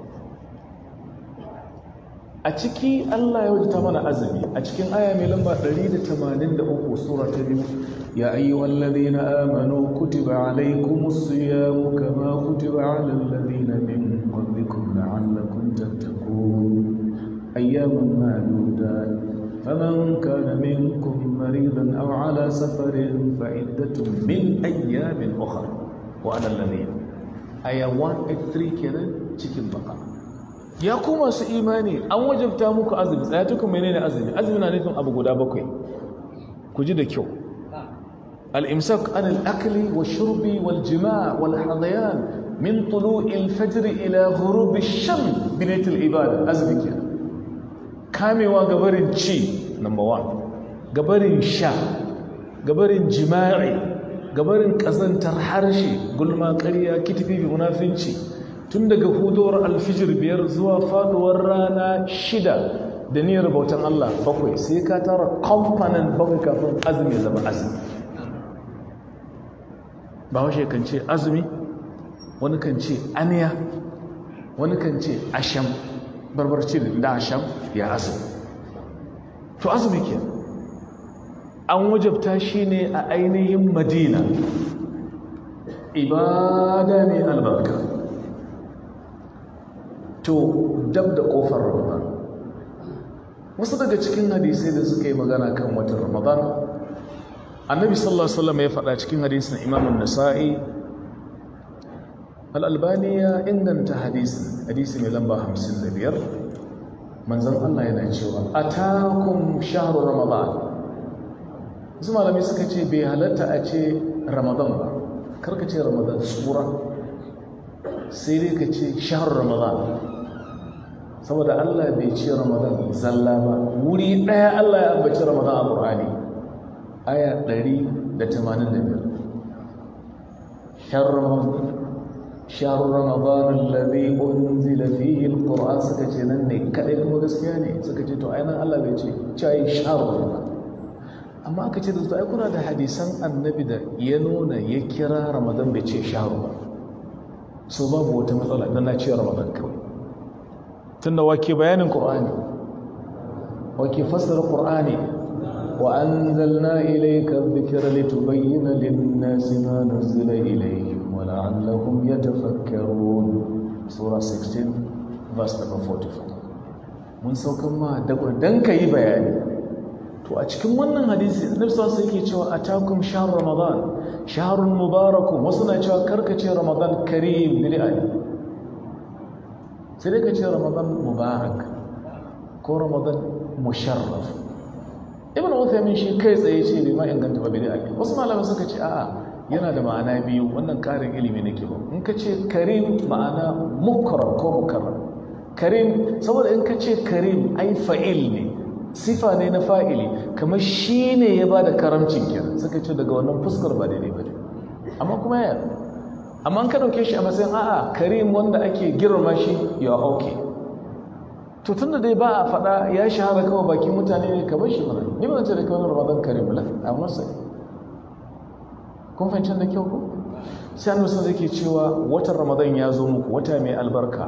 a ciki Allah ya wajita mana azumi a cikin aya mai lamba 183 sura ta biyu ya ayyuhal ladina amanu kutiba alaykumus siyam kama kutiba alal ladina min qablikum la'allakum tattaqun ayyaman ma'dudat faman kana minkum maridan aw ala safarin fa iddatun min ayyamin ukhra wa ala ladina aya 183 kenan cikin baqara ya kuma masu imani an wajabta muku azumi tsaya tukun ne azumi azumi na nufin abu guda bakwai ku ji da kyau al-imsak an akli wa shurbi wal jima' wal hadayan min tulu'i al ila ghurubi shan shams ibada azumi kenan kamewa gabarin ci number 1 gabarin sha gabarin jima'i gabarin kazantar harshe gulma ƙarya kitifi munafinci tun daga hudowar alfijir biyar zuwa faduwar rana shida da niyyar bautan Allah bakwai sai ka tara kamfanin bakwai kafin azumi zama azumi ba washe kan ce azumi wani kan ce aniya wani kan ce asham barbarci da asham ya azumi to azumi ke an wajabta shi ne a ainihin madina ibada ne albarka to dab da kofar ramadan wasu daga cikin hadisai da suka yi magana kan watan ramadan annabi sallallahu alaihi wasallam ya faɗa cikin hadisin imam nasai al-albani ya inganta hadisin hadisi mai lamba 55 manzon Allah yana cewa atakum shahru ramadan Wasu malamai suka ce bai halatta a ce ramadan ba karka ce ramadan sura sai dai ka ce shahar ramadan saboda Allah bai ce Ramadan zalla ba wuri ɗaya Allah ya ambaci Ramadan a Qur'ani aya 185 shar Ramadan shar Ramadan alladhi unzila fihi alquran saka ce nan ne kadai kuma gaskiya ne saka ce to ai nan Allah bai ce cai shar Ramadan amma aka ce da su ai kuna da hadisan annabi da ya nuna ya kira Ramadan bai ce shar ba so babu wata matsala dan na ce Ramadan kawai tunda wake bayanin qur'ani wake fassara qur'ani wa anzalna ilayka dhikra litubayyana lin-nasi ma nuzila ilayhim wa la'allahum yatafakkarun sura 16 verse number 44 mun saukan ma da dan kai bayani to a cikin wannan hadisi annabi sallallahu alaihi cewa atakum shahr ramadan shahrun mubarakun wasu na cewa karkace ramadan karim bil'ali sai dai ka ce ramadan mubarak ko ramadan musharraf ibn uthaymin shi kai tsaye ce ne, ma inganta ba da ake wasu malamai suka ce a'a yana da ma'ana biyu wannan karin ilimi nake ba in ka ce karim ma'ana mukrar ko mukarrar karim saboda in ka ce karim ai fa'il ne sifa ne na fa'ili kamar shi ne ya bada da karamcin kenan suka ce daga wannan fuskar ba daidai ba ne amma kuma ya amma ka dauke shi a matsayin a'a karim wanda ake girma shi ya okay to tun da dai ba a faɗa ya shahara kawai bakin mutane ne kamar shi mana ni ban da kawai ramadan karim la amma sai kun fahimci da kyau ko sai an musan zake cewa watan ramadan ya zo muku wata mai albarka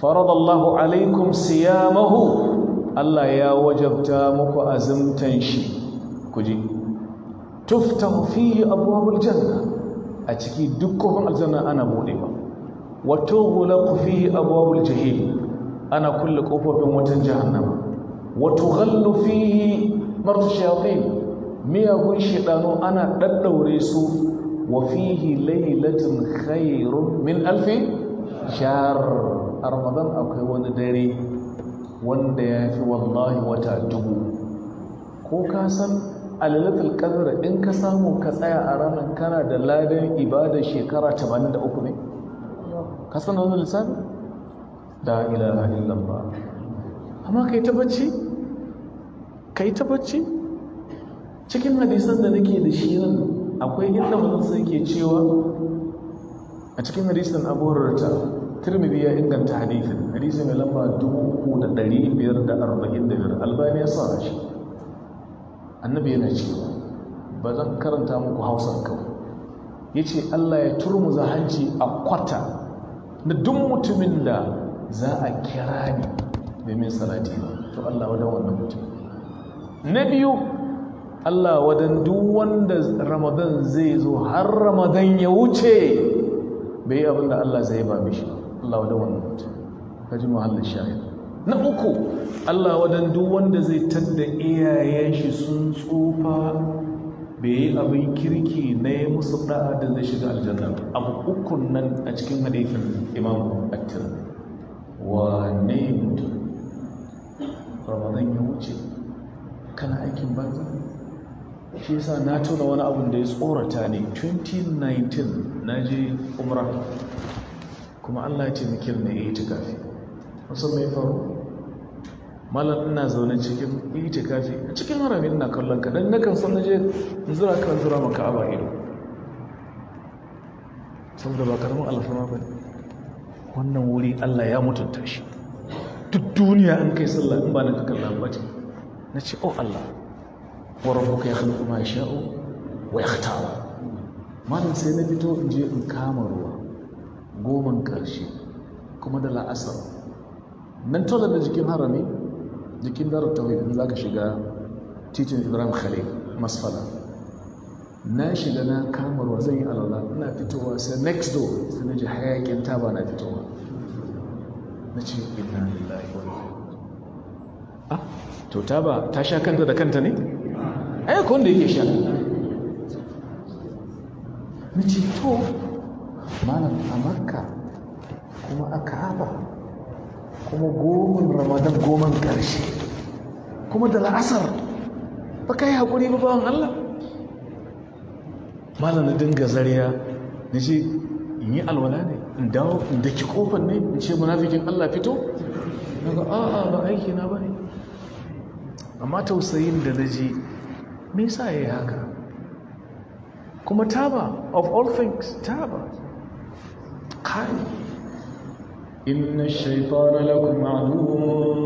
faradallahu alaikum siyamahu Allah ya wajabta muku azumtan shi ku ji tuftahu fihi abwabul janna a ciki duk kofin aljanna ana ba. wato gulaku fi abwabul jahil ana kulle kofofin watan jahannama wato ghallu fi martu shayatin miyagun shidanu ana daddaure su wa fihi laylatun khairun min alfi shar a ramadan akwai wani dare wanda ya fi wallahi wata dubu ko ka san a lalatul qadr in ka samu ka tsaya a ranar kana da ladin ibada shekara 83 ne ka san wani lissafi Da ilaha illallah amma kai ta bacci yi ta bacci cikin hadisan da nake da shi nan akwai inda manzon sai ke cewa a cikin hadisan Abu Hurairah Tirmidhi ya inganta hadisin hadisi mai lamba 2545 Albani ya sa shi annabi yana cewa ba zan karanta muku hausa kawai ya ce allah ya turmuza hanci a kwata na duk mutumin da za a kira ni domin salati ba to allah wadan wannan mutum na biyu allah wadan duk wanda ramadan zai zo har ramadan ya wuce bai yi abin da allah zai ba mishi allah wadan wannan mutum ka muhallin shahid na uku Allah wadan duk wanda zai tadda iyayen shi sun tsufa bai yi abin kirki na yi musu da'a da zai shiga aljanna abu ukun nan a cikin hadithin imam attir wa ne mutum ramadan ya wuce kana aikin banza shi yasa na tuna wani abun da ya tsorata ne 2019 na je umra kuma Allah ya ce mikil ne ya yi tukafi wasu mai faru malam ina zaune cikin kafi a cikin harami ina kallon ka dan nakan san naje zura kan zura maka aba ido saboda ba karamin alfama ba wannan wuri Allah ya mutunta shi duk duniya an kai sallah in ba na ka lambaci ce na ce oh Allah wa yi yakhluqu ma sha'o wa hatawa malam sai na fito in je in kama ruwa goman karshe kuma da la'asar nan da jikin harami jikin darar tawhid in za ka shiga titin ibrahim khalil masfala na shiga na kamarwa zan yi alala ina fitowa sai next door sai na ji hayakin taba na fitowa na ce ina lillahi wani ah to taba ta sha kanta da kanta ne ai kun da yake sha na ce to malam a makka kuma aka haɓa. kuma goman ramadan goman ƙarshe kuma da la'asar ba ka yi haƙuri ba bawan allah mala na dinga zariya na ce in yi alwala ne in dawo in daki kofar ne in ce munafikin allah fito daga a'a ba aiki na ba ne amma tausayin da na ji me sa ya yi haka kuma taba of all things taba kai إن الشيطان لكم عدو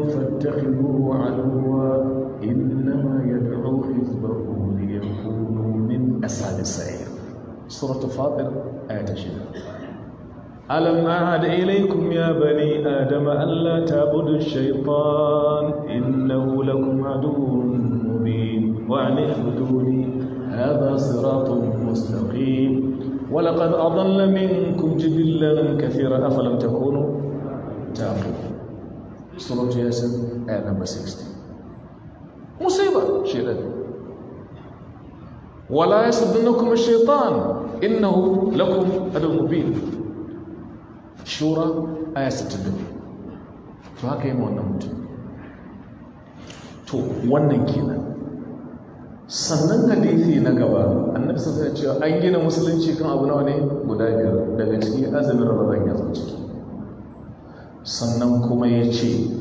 فاتخذوه عدوا إنما يدعو حزبه ليكونوا من أسعد السعير سورة فاطر آية شدة ألم أعد إليكم يا بني آدم ألا تعبدوا الشيطان إنه لكم عدو مبين وأن اعبدوني هذا صراط مستقيم ولقد أضل منكم جبلا كثيرا أفلم تكونوا tafi suratu yasin ayat number 60 musiba shedan wala yasdunukum ash innahu lakum adu mubin shura ayat 62 to haka yayin wannan mutum to wannan kenan sannan hadisi na gaba annabi sallallahu alaihi wasallam an gina musulunci kan abu nawa ne guda biyar daga ciki azumin ramadan ya zo ciki sannan kuma ya ce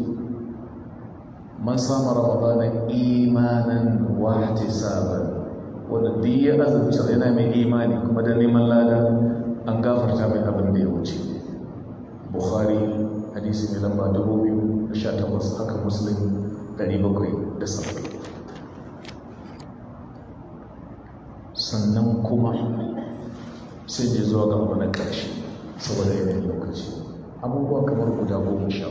man samu ramadana imanan wahati sabar wanda duk ya azumci yana mai imani kuma da neman lada an gafarta mai abin da ya wuce Buhari hadisi mai lamba 2018 haka da 770 sannan kuma sai ji zuwa ga wani ƙarshe saboda yanayin lokaci abubuwa kamar guda goma sha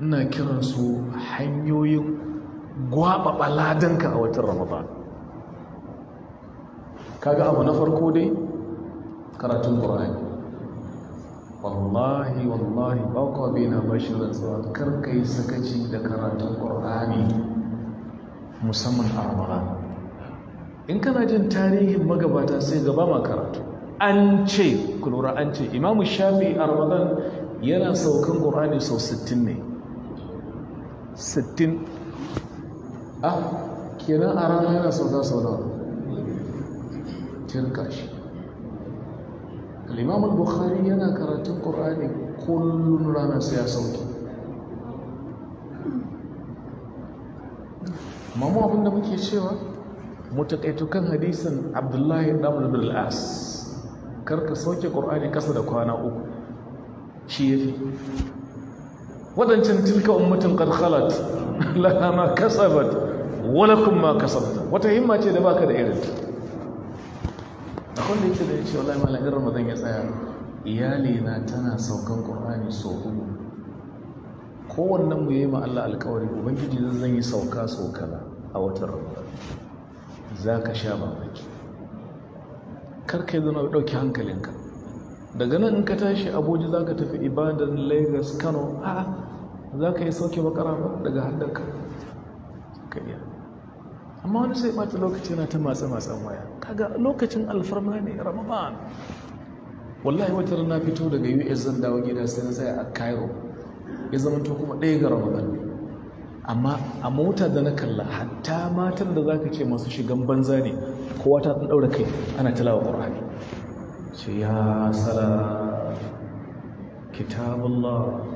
ina kiran su hanyoyin gwaɓaɓa ladanka a watan ramadan kaga abu na farko dai karatun ƙura'ani wallahi wallahi bakwa bai na bashi rantsuwa karkai sakaci da karatun ƙura'ani musamman a ramadan in kana jin tarihin magabata sai gaba ma karatu an ce kulura an ce imamu shafi a ramadan yana saukan ƙorani sau 60 ne 60 ah kenan a ranar yana sauka sau da tirka shi al'imam al-bukhari yana karatun ƙorani kullum ranar sai ya sauki mamu abinda muke cewa mutakaitukan hadisan abdullahi damar bil'as kar ka sauke ƙur'ani ƙasa da kwana uku shi ya fi waɗancan tilka ummatin qad khalat <laughs> laha ma kasabat wa lakum ma kasabta wata himma ce da ba ka da irin akwai da yake da yake wallahi malam irin ramadan ya tsaya iyali na tana saukan qur'ani so uku kowannen mu yi ma Allah alƙawari ubangiji zan yi sauka so kaza a watan ramadan ka sha mamaki karka zama da ɗauki hankalinka daga nan in ka tashi abuja za ka tafi ibadan lagos kano a za ka yi sauke bakara ba daga hannunka ka iya amma wani sai bata lokaci na ta matsa matsan waya kaga lokacin alfarma ne ramadan wallahi wata rana fito daga us zan dawo gida sai na tsaya a cairo ya zama to kuma ɗaya ga ramadan ne amma a mota da na kalla hatta matan da zaka ce masu shigan banza ne kowa ta ɗan daura kai ana talawa qur'ani ce ya sala kitabullah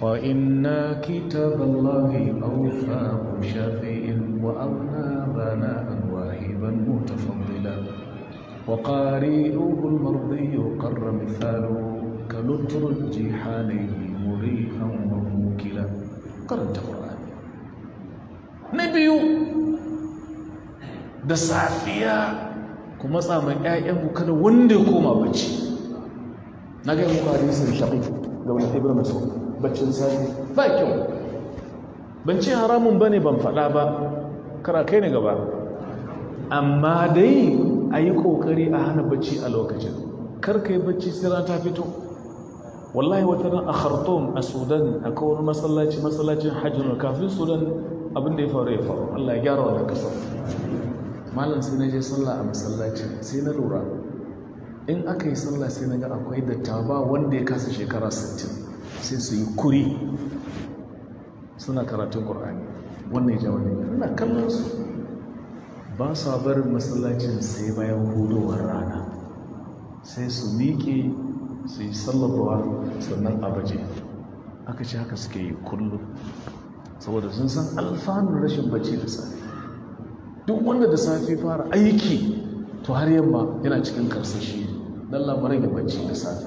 wa inna kitaballahi awfa shafi'in wa abna bana an wahiban mutafaddila wa qari'uhu al-mardi qarra mithalu kalutru jihani murihan karanta ƙur'ani na biyu da safiya ku matsa ma 'ya'yanku kada wanda ya koma bacci na ga muku hadisin shaqiq da wani ibnu mas'ud baccin safi ba kyau ban ce haramun bane ban faɗa ba kara kai ne gaba amma dai a yi ƙoƙari a hana bacci a lokacin kar ka bacci sai ta fito wallahi wata ran a khartoum a sudan akwai wani masallaci masallacin hajjin kafin sudan abinda ya faru ya faru allah ya gyara wannan kasar malam sai na je sallah a masallaci sai na lura in aka yi sallah sai na ga akwai dattaba wanda ya kasa shekara 60 sai su yi kuri suna karatun qur'ani wannan ya jawo ne ina kallon su ba sa barin masallacin sai bayan hudowar rana sai su miƙe su yi sallabawa sannan a baje aka ce haka suke yi kullum saboda sun san alfanun rashin bacci da safe duk wanda da safe fara aiki to har yamma yana cikin karsashi don labarin ya bacci da safe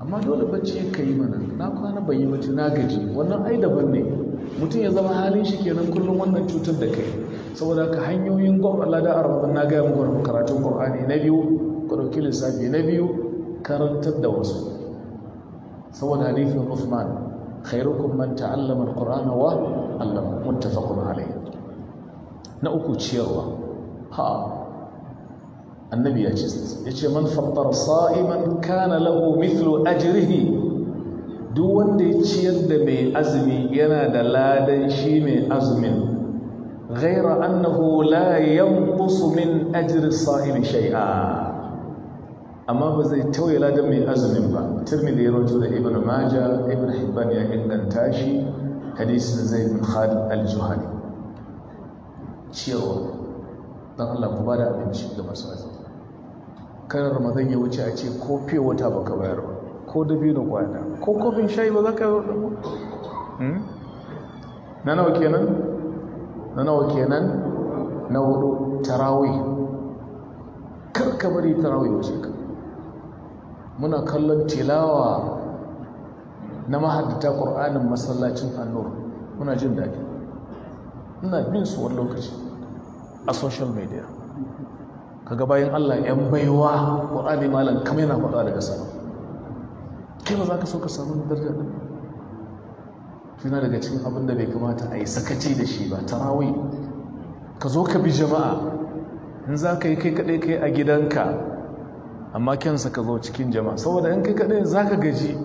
amma dole bacci ka yi mana na kwana ban yi na gaji wannan ai daban ne mutum ya zama halin shi kenan kullum wannan cutar da kai saboda ka hanyoyin gwamnati da arabin na gaya muku karatun ƙur'ani na biyu ku lissafi na biyu karantar da wasu saboda hadisin Uthman khairukum man ta'allama al-Qur'ana wa 'allama muttafaqun alayh na uku ciyarwa ha annabi ya ce yace man fattara sa'iman kana lahu mithlu ajrihi duk wanda ya ciyar da mai azumi yana da ladan shi mai azumin ghaira annahu la yanqusu min ajri sa'imi shay'a amma ba zai tauye ladan mai azumin ba tirmidhi ya rawaito da ibn majah ibn hibban ya inganta shi hadisin zai bin khalid al-juhani cewa dan Allah ku bada abinci ga masu azumi kan ramadan ya wuce a ce ko fiye wata baka bayar ba ko dabino kwana ko kofin shayi ba za ka yi hmm? na nawa kenan na nawa kenan na hudu tarawih kar ka bari tarawih wuce ka muna kallon tilawa na mahadita ƙur'anin masallacin annur muna jin daɗi ina bin su lokaci a social media kaga bayan allah 'yan baiwa ƙur'ani malam kama yana faɗa daga sama kai za ka so ka samu darajar ɗin tuna daga cikin abin da bai kamata a yi sakaci da shi ba tarawai ka zo ka bi jama'a in za ka yi kai kaɗai kai a gidanka amma kyansa ka zo cikin jama'a saboda in kai kaɗai za ka gaji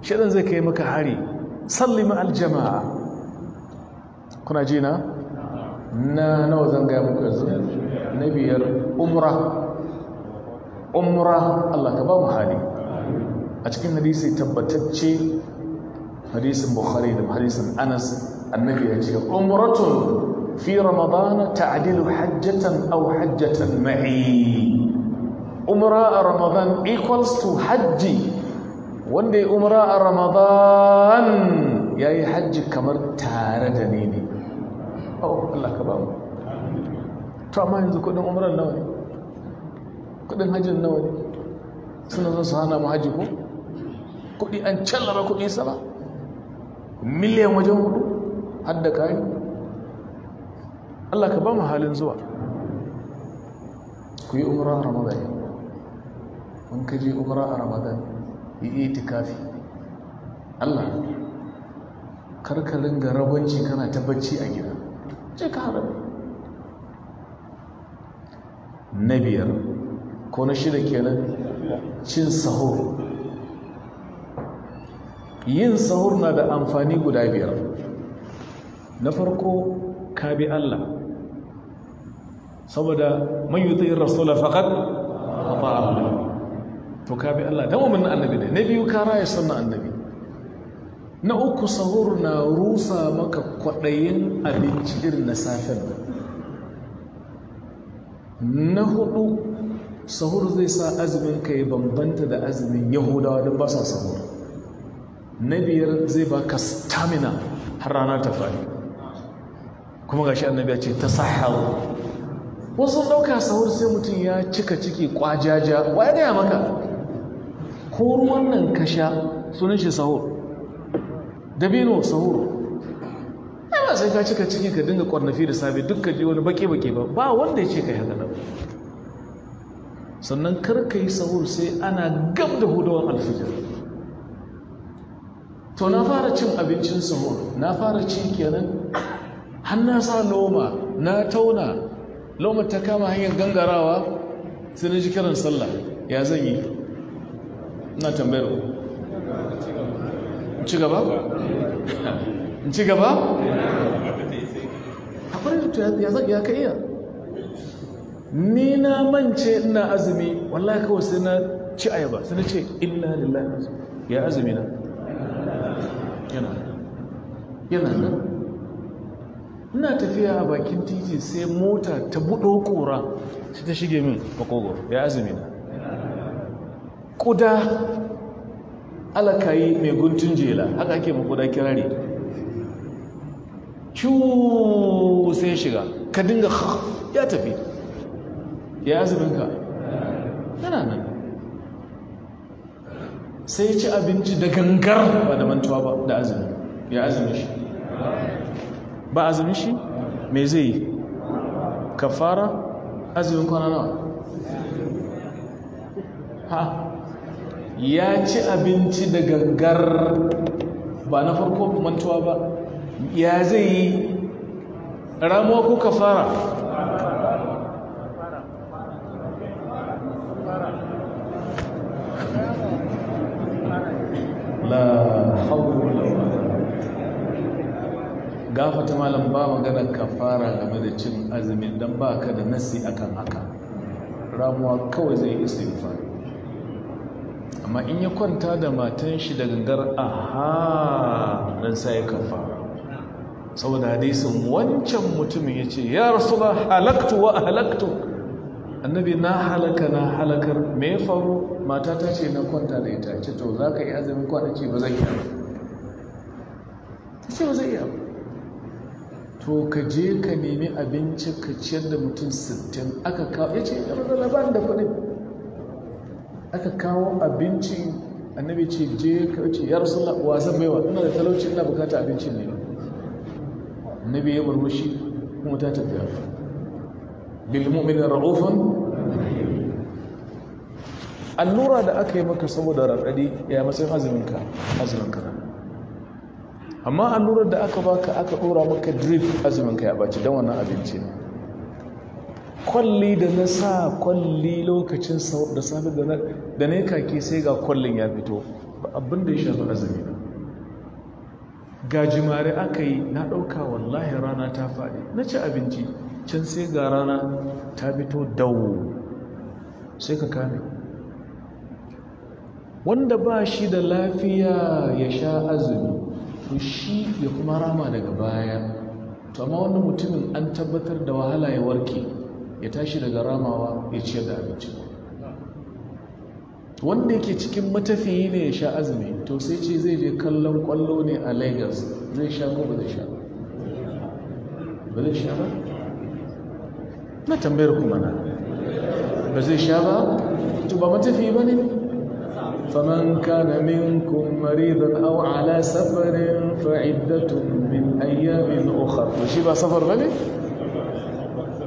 shaɗan zai kai maka hari sallima aljama'a kuna ji na na nawa zan gaya muku yanzu na biyar umra umra allah ka ba mu hali a cikin hadisi tabbatacce hadisin bukhari da hadisin anas annabi ya ce umratun fi ramadana ta'dilu hajjatan aw hajjatan ma'i umra a ramadan equals to hajji wanda ya umra a ramadan ya yi hajji kamar tare da ni ne oh Allah ka ba mu to amma yanzu kudin umran nawa ne kudin hajjin nawa ne suna zo su hana mu hajji ko kudi an cellara kudi sa ba miliyan wajen hudu Hadda kayi Allah ka ba mu halin zuwa ku yi umra ramadan in ka je a ramadan yi kafi. Allah karkarin ga rabanci kana ta bacci a gida ce ka harami na biyar ko na shida kenan cin sahur yin sahur na da amfani guda biyar na farko ka bi Allah saboda man rasu rasula faqad ata to ka bi Allah dan mun annabi ne na biyu ka raya sunna annabi na uku sahur na rusa maka kwaɗayin abinci irin na safen na hudu sahur zai sa azumin ka ya bambanta da azumin yahudawa don ba sa sahur na biyar zai baka stamina har rana ta fari kuma gashi annabi ya ce ta sahau wasu dauka sahur sai mutum ya cika ciki kwajaja wa ya gaya maka ko ruwan nan ka sha sunan shi sahur dabino sahur ai sai ka cika cikin ka dinga kwarnafi da safe duk ka wani baki baki ba ba wanda ya ce ka haka nan sannan kar ka yi sahur sai ana gab da hudawar alfijar. to na fara cin abincin sahur na fara ci kenan har na sa loma na tauna lomar ta kama hanyar gangarawa sai na ji kiran sallah ya zan yi ina tambayar ku ci gaba? ci gaba? akwai da ya ya ka iya ni na mance ina azumi wallahi kawai sai na ci ayaba sai na ce illa lillahi ya azumi na yana yana nan ina tafiya a bakin titi sai mota ta buɗo ƙura sai ta shige min makogoro ya azumi na kuda alakayi mai guntun jela haka ake ma kuda kirari ciwo sai shiga ka dinga ya tafi ya azuminka yana nan sai ci abinci da gangar ba da mantuwa ba da azumi ya azumin shi ba azumin shi mai zai yi kafara azumin kwana nawa ha ya ci abinci da gangar ba na farko mantuwa ba ya zai yi ramuwa ko kafara la gafata malam ba magana kafara game da cin azumin don ba ka da nasi akan haka ramuwa kawai zai istighfar amma in ya kwanta da matan shi da gangar a nan sai ya kafa. saboda hadisun wancan mutumin ya ce ya rasu ba halaktu wa halaktu annabi na halaka na halakar me faru mata ta ce na kwanta da ita ce to za ka yi azumin kwanaki ba zai iya ba ta ce ba zai yi to ka je ka nemi abinci ka ciyar da mutum sittin aka kawo ya ce ya ba da kuɗin aka kawo abinci annabi ce je ka ce ya rasulullah wasan maiwa ina da talauci ina bukata abincin ne annabi ya murmushi kuma ta tafiya bil mu'minin ra'ufan allura da aka yi maka saboda raɗaɗi ya matsayin azumin ka azumin ka amma allurar da aka baka aka ɗora maka drip azumin ka ya baci don wannan abinci ne kwalli da na sa kwalli lokacin da safe da na kake sai ga kwallin ya fito abin da ya shafi azumi na jimare aka yi na ɗauka wallahi rana ta faɗi na ci abinci can sai ga rana ta fito dawo sai ka kame wanda ba shi da lafiya ya sha azumi to shi ya kuma rama daga baya to amma wanda mutumin an tabbatar da wahala ya warke ya tashi daga ramawa ya ciyar da abinci wanda yake cikin matafiyi ne ya sha azumi to sai ce zai je kallon kwallo ne a lagos zai sha ko ba zai sha ba zai sha ba na tambayar kuma na ba zai sha ba to ba matafiyi ba ne faman kana minkum maridan aw ala safarin fa min ayyamin ukhra Ba shi ba safar bane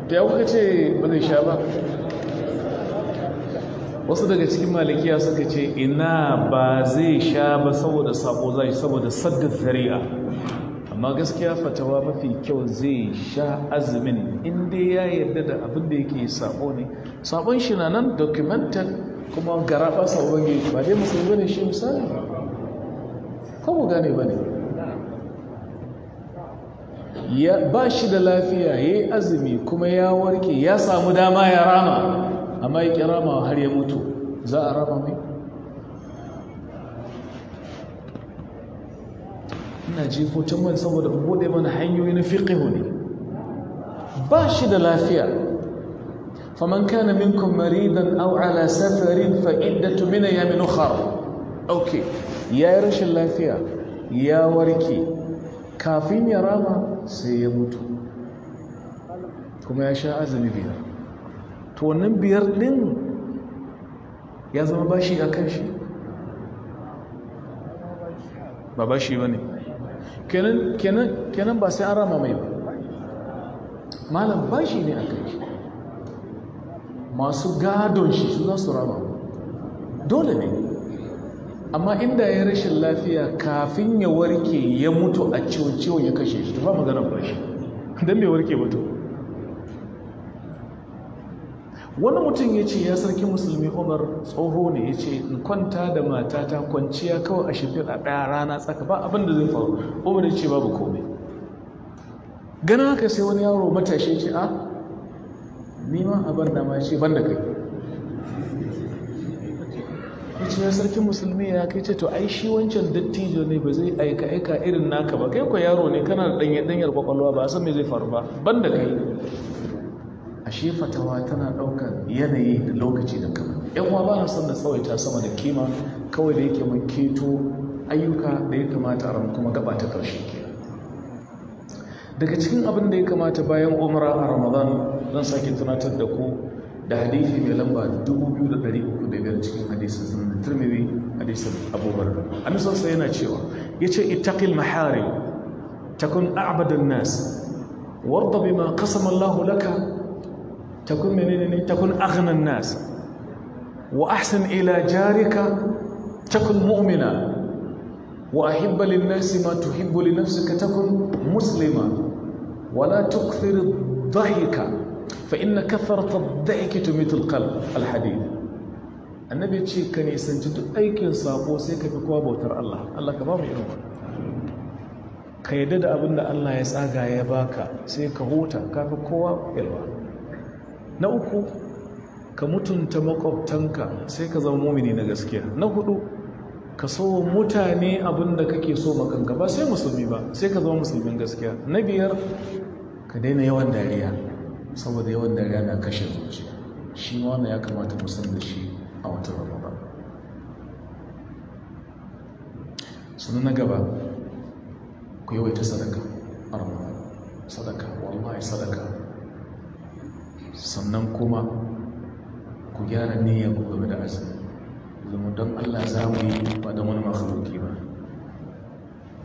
da ya ce ba zai sha ba wasu daga cikin malikiya suka ce ina ba zai sha ba saboda sabo zai saboda sadda zari'a amma gaskiya fatawa mafi kyau zai sha azumin inda ya yarda da abin da yake sabo ne sabon shi na nan documented kuma garaba sabon ba dai musulmi ne shi misali ko mu gane ba ne ya ba shi da lafiya ya yi azumi kuma ya warke ya samu dama ya rama amma ya rama har ya mutu za a rama mai ina jefo can man saboda buɗe mana hanyoyi na fiƙihu ne ba shi da lafiya faman kana minkum maridan aw ala safarin fa iddatu min ayamin ukhra okay yayi rashin lafiya ya warke kafin ya rama sai ya mutu kuma ya sha azumi biyar to wannan biyar din ya zama bashi a kan shi ba bashi ba ne kenan ba sai an rama mai ba malam bashi ne a kan shi masu gadon shi su za su rama dole ne amma inda ya rashin lafiya kafin ya warke ya mutu a ciwon ya kashe shi tufa magana ba shi don bai warke mutu wani mutum ya ce ya sarki musulmi umar tsoho ne ya ce in kwanta da matata kwanciya kawai a shafir a ɗaya rana tsaka ba abin da zai faru umar ya ce babu komai gana haka sai wani yaro matashi ce a ah, nima abin da ma ce ban da kai ce sarkin musulmi ya kai ce to ai shi wancan dattijo ne ba zai aika aika irin naka ba kai ko yaro ne kana da danye danyar kwakwalwa ba san me zai faru ba ban da kai ashe fatawa tana ɗaukar yanayi da lokaci da kama yan uwa ba na san da tsawaita sama da kima kawai da yake mun keto ayyuka da ya kamata a kuma gaba ta ƙarshe ke daga cikin abin da ya kamata bayan umara a ramadan zan sake tunatar da ku da hadisi mai lamba 2305 cikin hadisin sunan tirmidhi hadisin abu hurairah annabi sallallahu yana cewa ya yace ittaqil maharim takun a'badan nas warda bima qasama Allah laka takun menene ne? takun aghna nas wa ahsin ila jarika takun mu'mina وأحب للناس ما تحب لنفسك تكن مسلما ولا تكثر الضحك fa kafar ta daiki to mitul kal alhadid annabi ce ka ne sanci duk aikin sako sai ka fi kowa bautar Allah Allah ka ba mu irin wani ka yadda da abinda Allah ya tsaga ya baka sai ka huta ka fi kowa ilwa na uku ka mutunta makwabtanka sai ka zama mumini na gaskiya na hudu ka so mutane abinda kake so makanka ba sai musulmi ba sai ka zama musulmin gaskiya na biyar ka daina yawan dariya saboda yawan dariya na kashe zuciya shi ma wannan ya kamata mu san da shi a wata ba. sannan na gaba ku yi yawaita sadaka a rama sadaka wallahi sadaka sannan kuma ku gyara niyyar ku game da azumi zama don allah za mu yi ba don wani mafi ba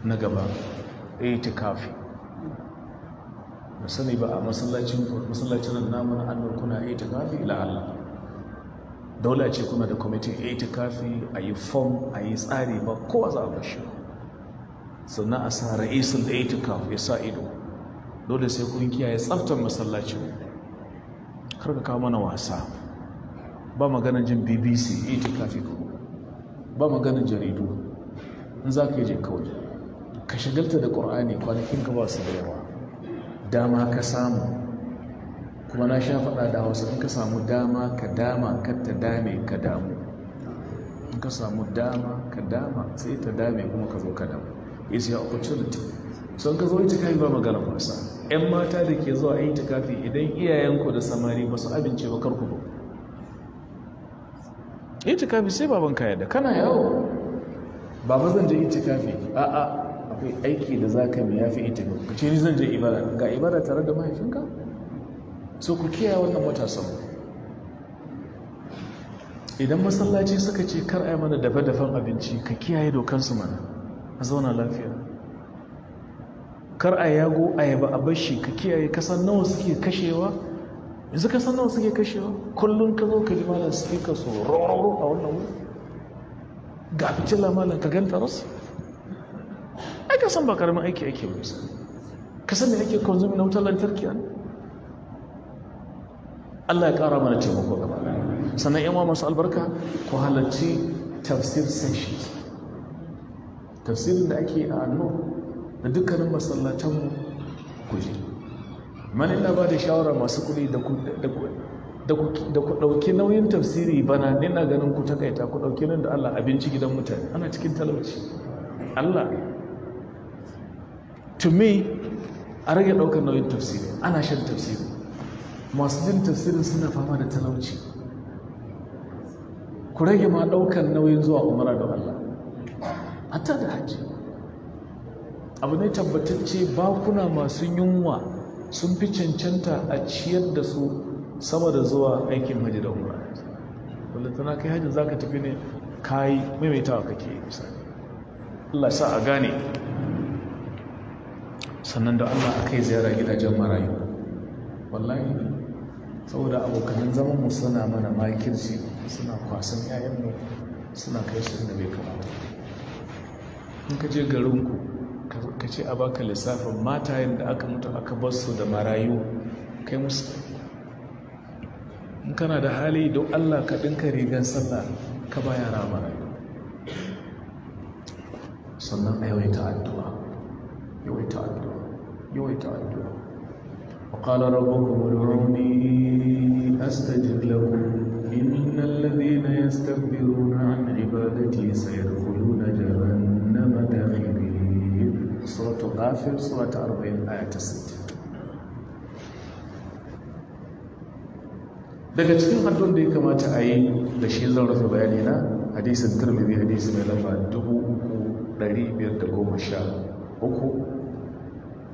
na gaba itikafi ba sani ba a masallacin namu namun annar kuna itikafi ila Allah dole ce kuna da kwamitin itikafi a yi fom a yi tsari ba kowa za a bashi sannan a sa ra'isul itikaf ya sa ido dole sai kun kiyaye tsaftar masallacin kar ka kawo mana wasa ba maganin jin bbc itikafi ko ba maganin jaridu in za ka yi je kawai ka shigarta da ƙur'ani kwanakin ka ba su da yawa dama ka samu kuma na sha faɗa da wasu in ka samu dama ka dama ka ta dame ka damu in ka samu dama ka dama sai ta dame kuma ka zo ka damu is your opportunity sun ka zo itikafi ba magana kwasa yan mata da ke zuwa itikafi idan iyayenku da samari ba su abince ba karku ba itikafi sai baban kayan yadda kana yawo ba ba zan je itikafi a'a akwai aiki da za ka ya fi ita ka ce ni zan je ibada ga ibada tare da mahaifinka so ku kiyaye wannan matasan idan masallaci suka ce kar a yi mana dafa-dafan abinci ka kiyaye dokansu mana a zauna lafiya kar a yago a yaba a bashi ka kiyaye kasan nawa suke kashewa yanzu kasan nawa suke kashewa kullum ka zo ka ji malam speaker su rororo a wannan wuri ga abincin lamarin ka ganta rasu ai ka san ba karamin aiki ake ba sa. ka san me ake konzumi na wutar lantarki an Allah ya ƙara mana taimako gaba sannan yan masu albarka ku halarci tafsir session tafsirin da ake a no da dukkanin masallatanmu ku je man ina ba da shawara masu kuɗi da ku ɗauki nauyin tafsiri bana nina ganin ku takaita ku ɗauki nan da Allah abinci gidan mutane ana cikin talauci Allah to a rage ɗaukar nauyin tafsiri ana shan tafsiri masu jin tafsirin suna fama da talauci ku rage ma ɗaukar nauyin zuwa umara da Allah ta da hajji abu ne tabbatacce bakuna masu yunwa sun fi cancanta a ciyar da su sama da zuwa aikin hajji da umara wanda tana kai hajji za ka tafi ne kayi maimaitawa kake misali Allah sa a gane sannan da allah aka yi ziyara gidajen marayu wallahi saboda abokanin zaman mu suna mana makirci suna kwasan 'ya'yanmu suna kai su inda bai kamata in ka je garinku ka ce a baka lissafin mata yadda aka mutu aka bar su da marayu kai musu in kana da hali don allah ka ɗinka rigar sallah ka ba yara marayu sannan a yawaita addu'a يويت الدعاء وقال ربكم ادعوني استجب لكم ان الذين يستكبرون عن عبادتي سيدخلون جهنم داخلين سوره غافر سوره 40 ايه 60 daga cikin haddon da ya kamata a yi da shi zan rufe bayani na hadisin turmidi hadisi mai lamba 3510 uku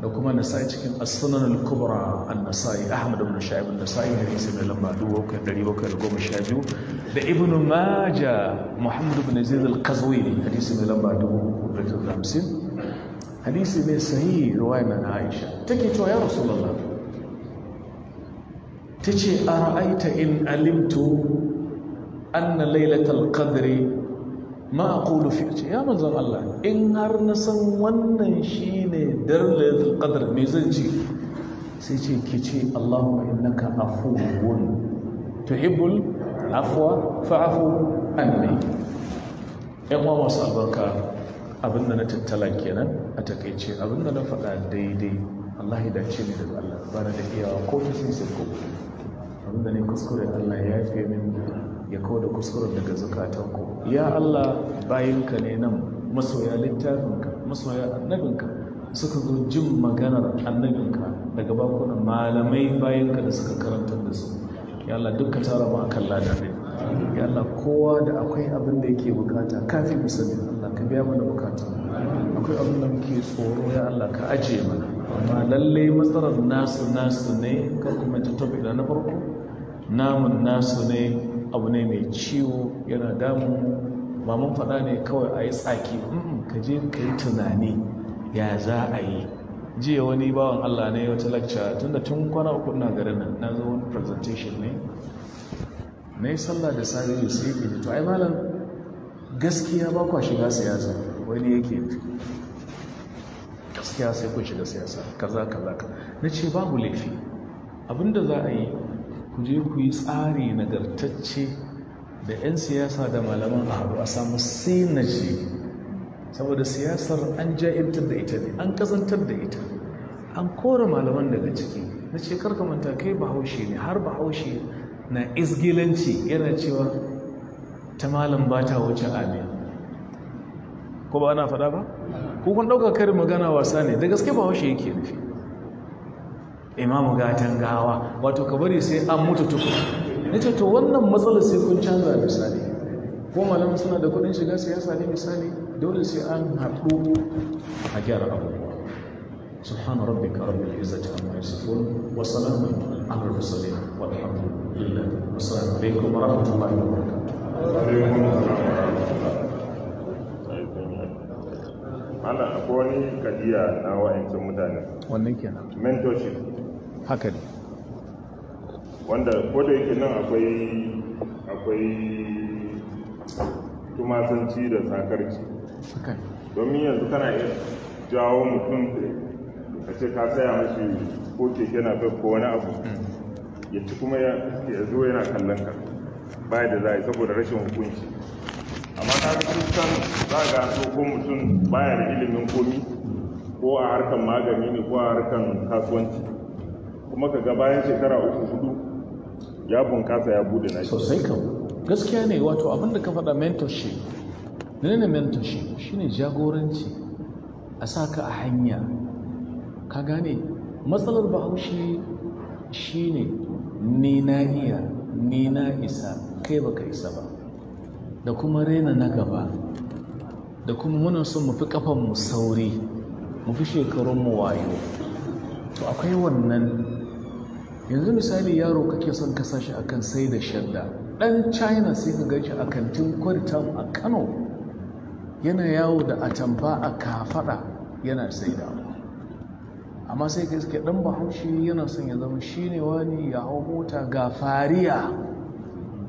da kuma nasai cikin as-sunan al-kubra an-nasai Ahmadu bin sha'ib an-nasai hadisi mai lamba 2712 da ibn majah Muhammadu bin zaid al-qazwini hadisi mai lamba 350 hadisi mai sahihi ruwa na aisha take cewa ya rasulullah tace ara'aita in alimtu anna laylatal qadri ma aqulu fi ce ya manzon Allah in har na san wannan shi shine darlatul qadr me zan ce sai ce ki ce Allahumma innaka afuwun tuhibbul afwa fa'fu anni yan uwa masu albarka abinda na tattala kenan a takaice abinda na faɗa daidai Allah ya dace ni daga Allah bana da iyawa ko ta sun sai ko abinda ne kuskure Allah ya fi min ya kawo da kuskuren daga zukatanku ya Allah bayinka ne nan masoya littafinka masoya annabinka suka zo jin maganar annabinka daga bakunan malamai bayinka da suka karanta da su ya Allah dukkan tara ma kan lada ne ya Allah kowa da akwai abin da yake bukata kafi musulmi Allah ka biya mana bukata akwai abin da muke tsoro ya Allah ka ajiye mana amma lallai matsalar nasu nasu ne ka kuma ta da na farko namun nasu ne abu ne mai ciwo yana damu ba mun faɗa ne kawai a yi tsaki ka je ka yi tunani ya za a yi jiya wani bawan allah ne wata lacca tun da tun kwana uku na gari nan na zo wani presentation ne na yi sallah da sami yi sai ke to ai malam gaskiya ba kwa shiga siyasa wani yake gaskiya sai ku shiga siyasa kaza kaza ka na ce babu laifi abinda za a yi ku je ku yi tsari nagartacce da 'yan siyasa da malaman a haɗu a samu sinaji saboda siyasar an ja'ibtar da ita ne an kazantar da ita an kora malaman daga ciki na ce karka manta kai bahaushe ne har bahaushe na izgilanci yana cewa ta malam ba ta wuce amin ko ba ana faɗa ba ko kun ɗauka karin magana wasa ne da gaske bahaushe yake nufi imamu gatan gawa wato ka bari sai an mutu tuku na ce to wannan matsalar sai kun canza misali ko malam suna da kudin shiga siyasa ne misali dole sai an haɗu a gyara abubuwa سبحان ربك رب العزة عما يصفون وسلام على المرسلين والحمد لله والسلام عليكم ورحمة الله وبركاته. Ana akwai wani gajiya na wa'ancin mutane. Wannan kenan. Mentorship. haka ne wanda koda yake nan akwai akwai tumasanci da sakarci domin yanzu kana iya jawo mutum ka ce ka saya mashi ko keke na ko wani abu mm. ya ci kuma ya zo yana kallon ka baya da za a yi saboda rashin hukunci amma ta ga kusan za ga so ko mutum baya da ilimin komi ko a harkan magani ne ko a harkan kasuwanci kuma ka ga bayan shekara uku hudu ya bunkasa ya bude na sosai kan gaskiya ne wato abinda ka faɗa mentorship ne ne mentorship shine jagoranci a sa ka a hanya ka gane matsalar bahaushe ne. ni na iya ni na isa kai baka isa ba da kuma raina na gaba da kuma muna son mu fi kafan mu sauri mu fi shekarun mu wayo to akwai wannan yanzu misali yaro kake son ka sashi akan sai da shadda dan china sai ka gaishe a kantin kwartam a kano yana yawo da atamfa a kafada yana sai da amma sai ka iske dan bahaushe yana son ya zama shine wani ya hau mota ga fariya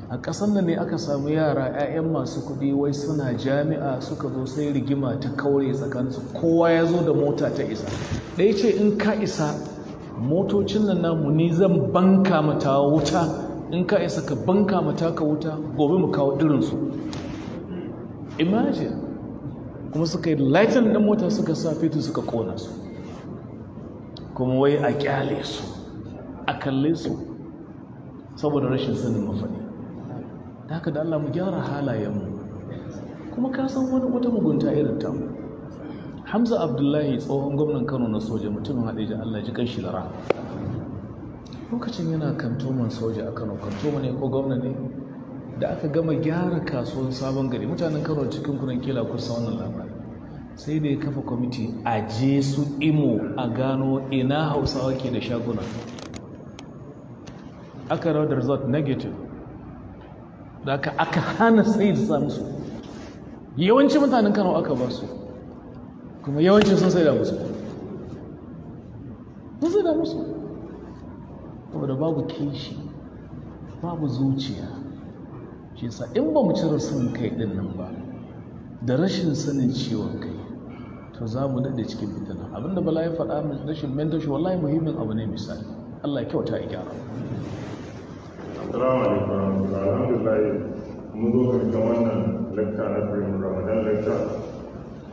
a ƙasar da ne aka samu yara 'ya'yan masu kuɗi wai suna jami'a suka zo sai rigima ta kaure tsakaninsu kowa ya zo da mota ta isa ɗaya ce in ka isa motocin nan namu ne zan banka mata wuta in ka isa ka banka mata ka wuta gobe mu kawo irinsu imagine kuma suka yi laifin na mota suka sa fetu suka kona su kuma wai a kyale su a kalle su saboda rashin sanin mafani. da haka da Allah mu gyara halayenmu kuma ka san wani wata mugunta irin tamu hamza abdullahi tsohon gwamnan kano na soja mutumin da allah ji kan shilara lokacin yana kantoman soja a kano kantoma ne ko gwamna ne da aka gama gyara kasuwan sabon gari mutanen kano cikin kunan kila kusa wannan labarin, sai da ya kafa kwamiti a je su imo a gano ina hausawa ke da shaguna aka rawar da result negative da aka hana sai da samu su yawanci mutanen kano aka ba su kuma yawancin sun sai da musu sun sai da musu saboda babu kishi babu zuciya shi sa in ba mu cire son kai din nan ba da rashin sanin ciwon kai to za mu daɗe cikin fitina abinda bala ya faɗa min rashin mentorship wallahi muhimmin abu ne misali Allah ya kyauta ya gyara Assalamu alaikum alhamdulillah mun zo kan wannan lecture na Ramadan lecture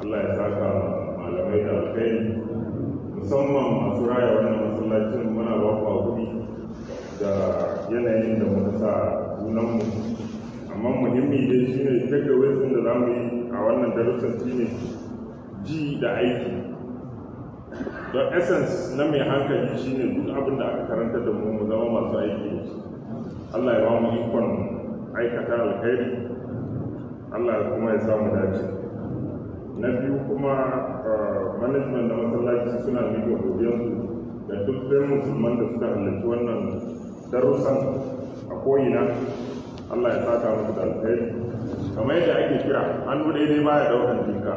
Allah ya saka malamai da alkai musamman masu raya wannan masallacin muna ba ku da yanayin da muka sa junanmu amma muhimmi dai shine takeaways da za mu yi a wannan darussan ne, ji da aiki don essence na mai hankali shi ne duk abin da aka karanta da mu mu zama masu aiki da Allah ya ba mu ikon aikata alkhairi Allah kuma ya samu dace na biyu kuma management na masallaci suna miƙa godiyarsu da duk ɗan musulman da suka halarci wannan darussan a ko'ina Allah ya saka musu da alkhairi kamar yadda ake kira hannu daidai ya daukan jinka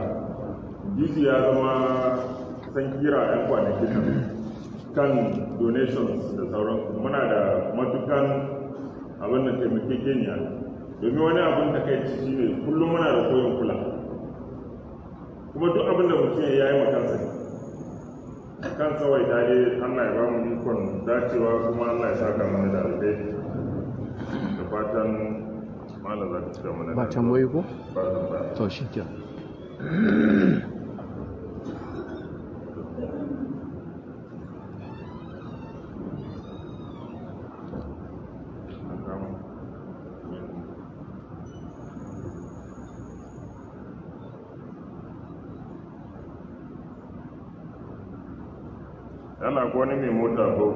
jiji ya zama san kira yan kwanakin kan donations da sauran muna da matukan abin da taimakekeniya domin wani abin da kai ci ne kullum muna da koyon kula kuma duk abin da mutum ya yi makansa ne kan kawai dare Allah yi ba mu nukon dacewa kuma Allah yi saka mana da alheri da fatan mana za ta ci mana da ba tambayi ko ba to shi kyau <clears throat>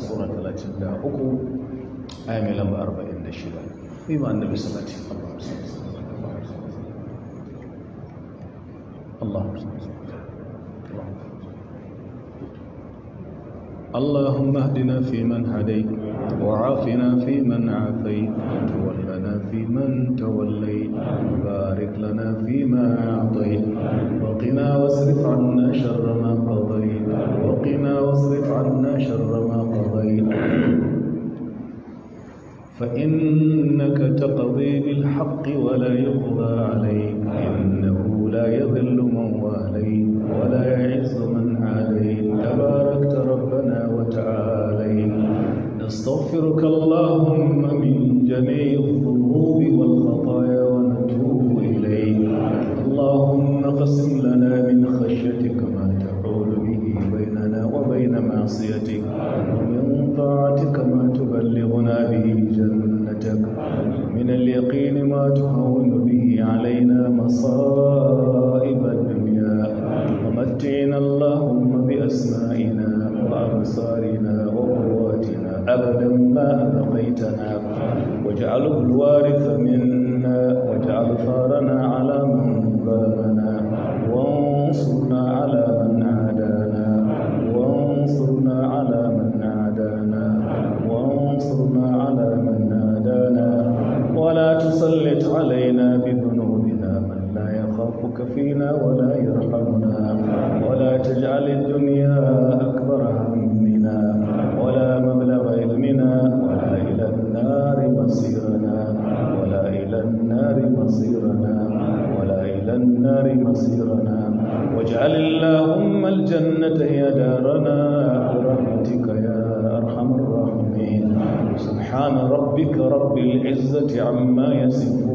Sura 33 aya mai lamba 46 yi ma annabi salati Allah Allah اللهم اهدنا فيمن هديت وعافنا فيمن عافيت وتولنا فيمن توليت وبارك لنا فيما أعطيت وقنا واصرف عنا شر ما قضيت وقنا واصرف عنا شر ما عليها فإنك تقضي بالحق ولا يقضى عليك إنه لا يذل من واليك ولا يعز من عليك تباركت ربنا وتعاليك نستغفرك اللهم من جميع الذنوب والخطايا ونتوب إليك اللهم اقسم لنا من خشيتك ما تحول به بيننا وبين معصيتك ja'aluhu huwa ربك رب العزة عما يصفون